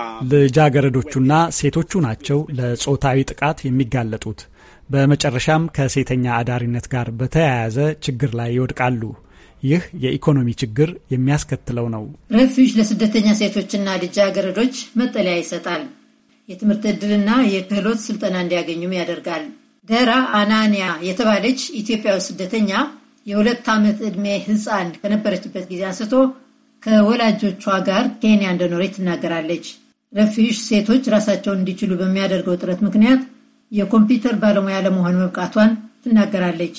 um, ልጃገረዶቹና ሴቶቹ ናቸው ለጾታዊ ጥቃት የሚጋለጡት። በመጨረሻም ከሴተኛ አዳሪነት ጋር በተያያዘ ችግር ላይ ይወድቃሉ። ይህ የኢኮኖሚ ችግር የሚያስከትለው ነው። ረፊዩጅ ለስደተኛ ሴቶችና ልጃገረዶች መጠለያ ይሰጣል። የትምህርት ዕድልና የክህሎት ስልጠና እንዲያገኙም ያደርጋል። ደራ አናንያ የተባለች ኢትዮጵያዊ ስደተኛ የሁለት ዓመት ዕድሜ ሕፃን ከነበረችበት ጊዜ አንስቶ ከወላጆቿ ጋር ኬንያ እንደኖረች ትናገራለች። ረፊሽ ሴቶች ራሳቸውን እንዲችሉ በሚያደርገው ጥረት ምክንያት የኮምፒውተር ባለሙያ ለመሆን መብቃቷን ትናገራለች።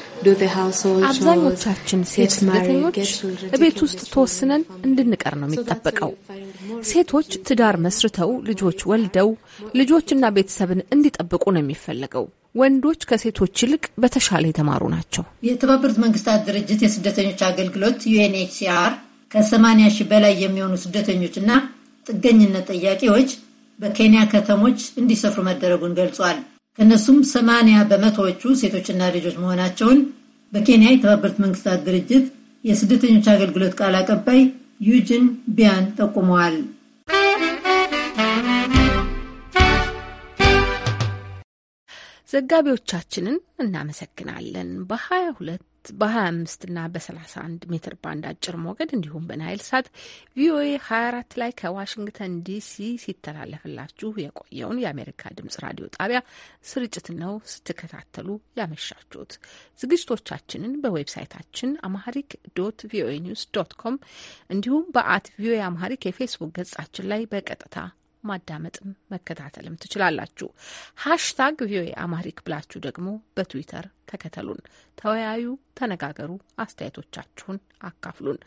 አብዛኞቻችን ሴት ስደተኞች እቤት ውስጥ ተወስነን እንድንቀር ነው የሚጠበቀው። ሴቶች ትዳር መስርተው ልጆች ወልደው ልጆችና ቤተሰብን እንዲጠብቁ ነው የሚፈለገው። ወንዶች ከሴቶች ይልቅ በተሻለ የተማሩ ናቸው። የተባበሩት መንግስታት ድርጅት የስደተኞች አገልግሎት ዩኤንኤችሲአር ከ80 ሺህ በላይ የሚሆኑ ስደተኞችና ጥገኝነት ጠያቂዎች በኬንያ ከተሞች እንዲሰፍሩ መደረጉን ገልጿል። ከእነሱም ሰማንያ በመቶዎቹ ሴቶችና ልጆች መሆናቸውን በኬንያ የተባበሩት መንግስታት ድርጅት የስደተኞች አገልግሎት ቃል አቀባይ ዩጅን ቢያን ጠቁመዋል። ዘጋቢዎቻችንን እናመሰግናለን። በ22 በ25 እና በ31 ሜትር ባንድ አጭር ሞገድ እንዲሁም በናይል ሳት ቪኦኤ 24 ላይ ከዋሽንግተን ዲሲ ሲተላለፍላችሁ የቆየውን የአሜሪካ ድምጽ ራዲዮ ጣቢያ ስርጭት ነው ስትከታተሉ ያመሻችሁት። ዝግጅቶቻችንን በዌብሳይታችን አማሪክ ዶት ቪኦኤ ኒውስ ዶት ኮም እንዲሁም በአት ቪኦኤ አማሪክ የፌስቡክ ገጻችን ላይ በቀጥታ ማዳመጥም መከታተልም ትችላላችሁ። ሃሽታግ ቪኦኤ አማሪክ ብላችሁ ደግሞ በትዊተር ተከተሉን። ተወያዩ፣ ተነጋገሩ፣ አስተያየቶቻችሁን አካፍሉን።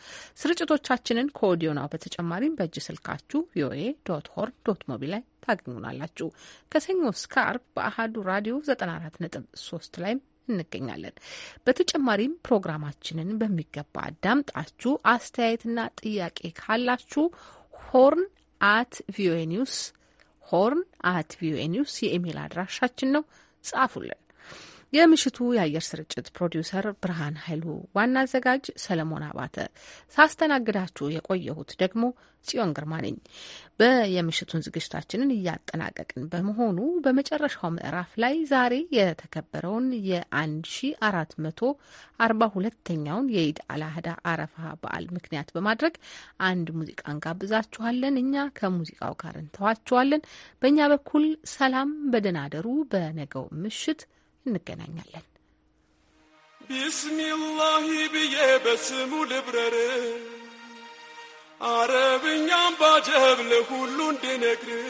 ስርጭቶቻችንን ከኦዲዮ ናው በተጨማሪም በእጅ ስልካችሁ ቪኦኤ ዶት ሆርን ዶት ሞቢ ላይ ታገኙናላችሁ። ከሰኞ እስከ አርብ በአሀዱ ራዲዮ 94.3 ላይም እንገኛለን። በተጨማሪም ፕሮግራማችንን በሚገባ አዳምጣችሁ አስተያየትና ጥያቄ ካላችሁ ሆርን አት ቪኦኤ ኒውስ ሆርን አት ቪኦኤ ኒውስ የኢሜይል አድራሻችን ነው። ጻፉልን። የምሽቱ የአየር ስርጭት ፕሮዲውሰር ብርሃን ኃይሉ፣ ዋና አዘጋጅ ሰለሞን አባተ፣ ሳስተናግዳችሁ የቆየሁት ደግሞ ጽዮን ግርማ ነኝ። በየምሽቱን ዝግጅታችንን እያጠናቀቅን በመሆኑ በመጨረሻው ምዕራፍ ላይ ዛሬ የተከበረውን የ1442ኛውን የኢድ አልአህዳ አረፋ በዓል ምክንያት በማድረግ አንድ ሙዚቃን ጋብዛችኋለን። እኛ ከሙዚቃው ጋር እንተዋችኋለን። በእኛ በኩል ሰላም፣ በደህና ደሩ። በነገው ምሽት እንገናኛለን። ቢስሚላሂ ብዬ በስሙ ልብረር አረብኛም ባጀብል ሁሉ እንድነግር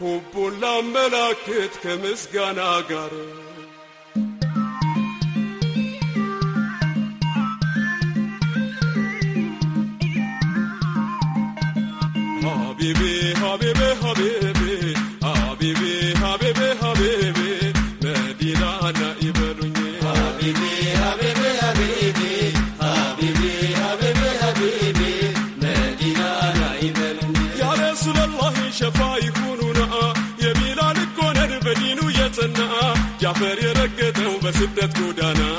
ሁቡን ላመላክት ከምስጋና ጋር keep that good on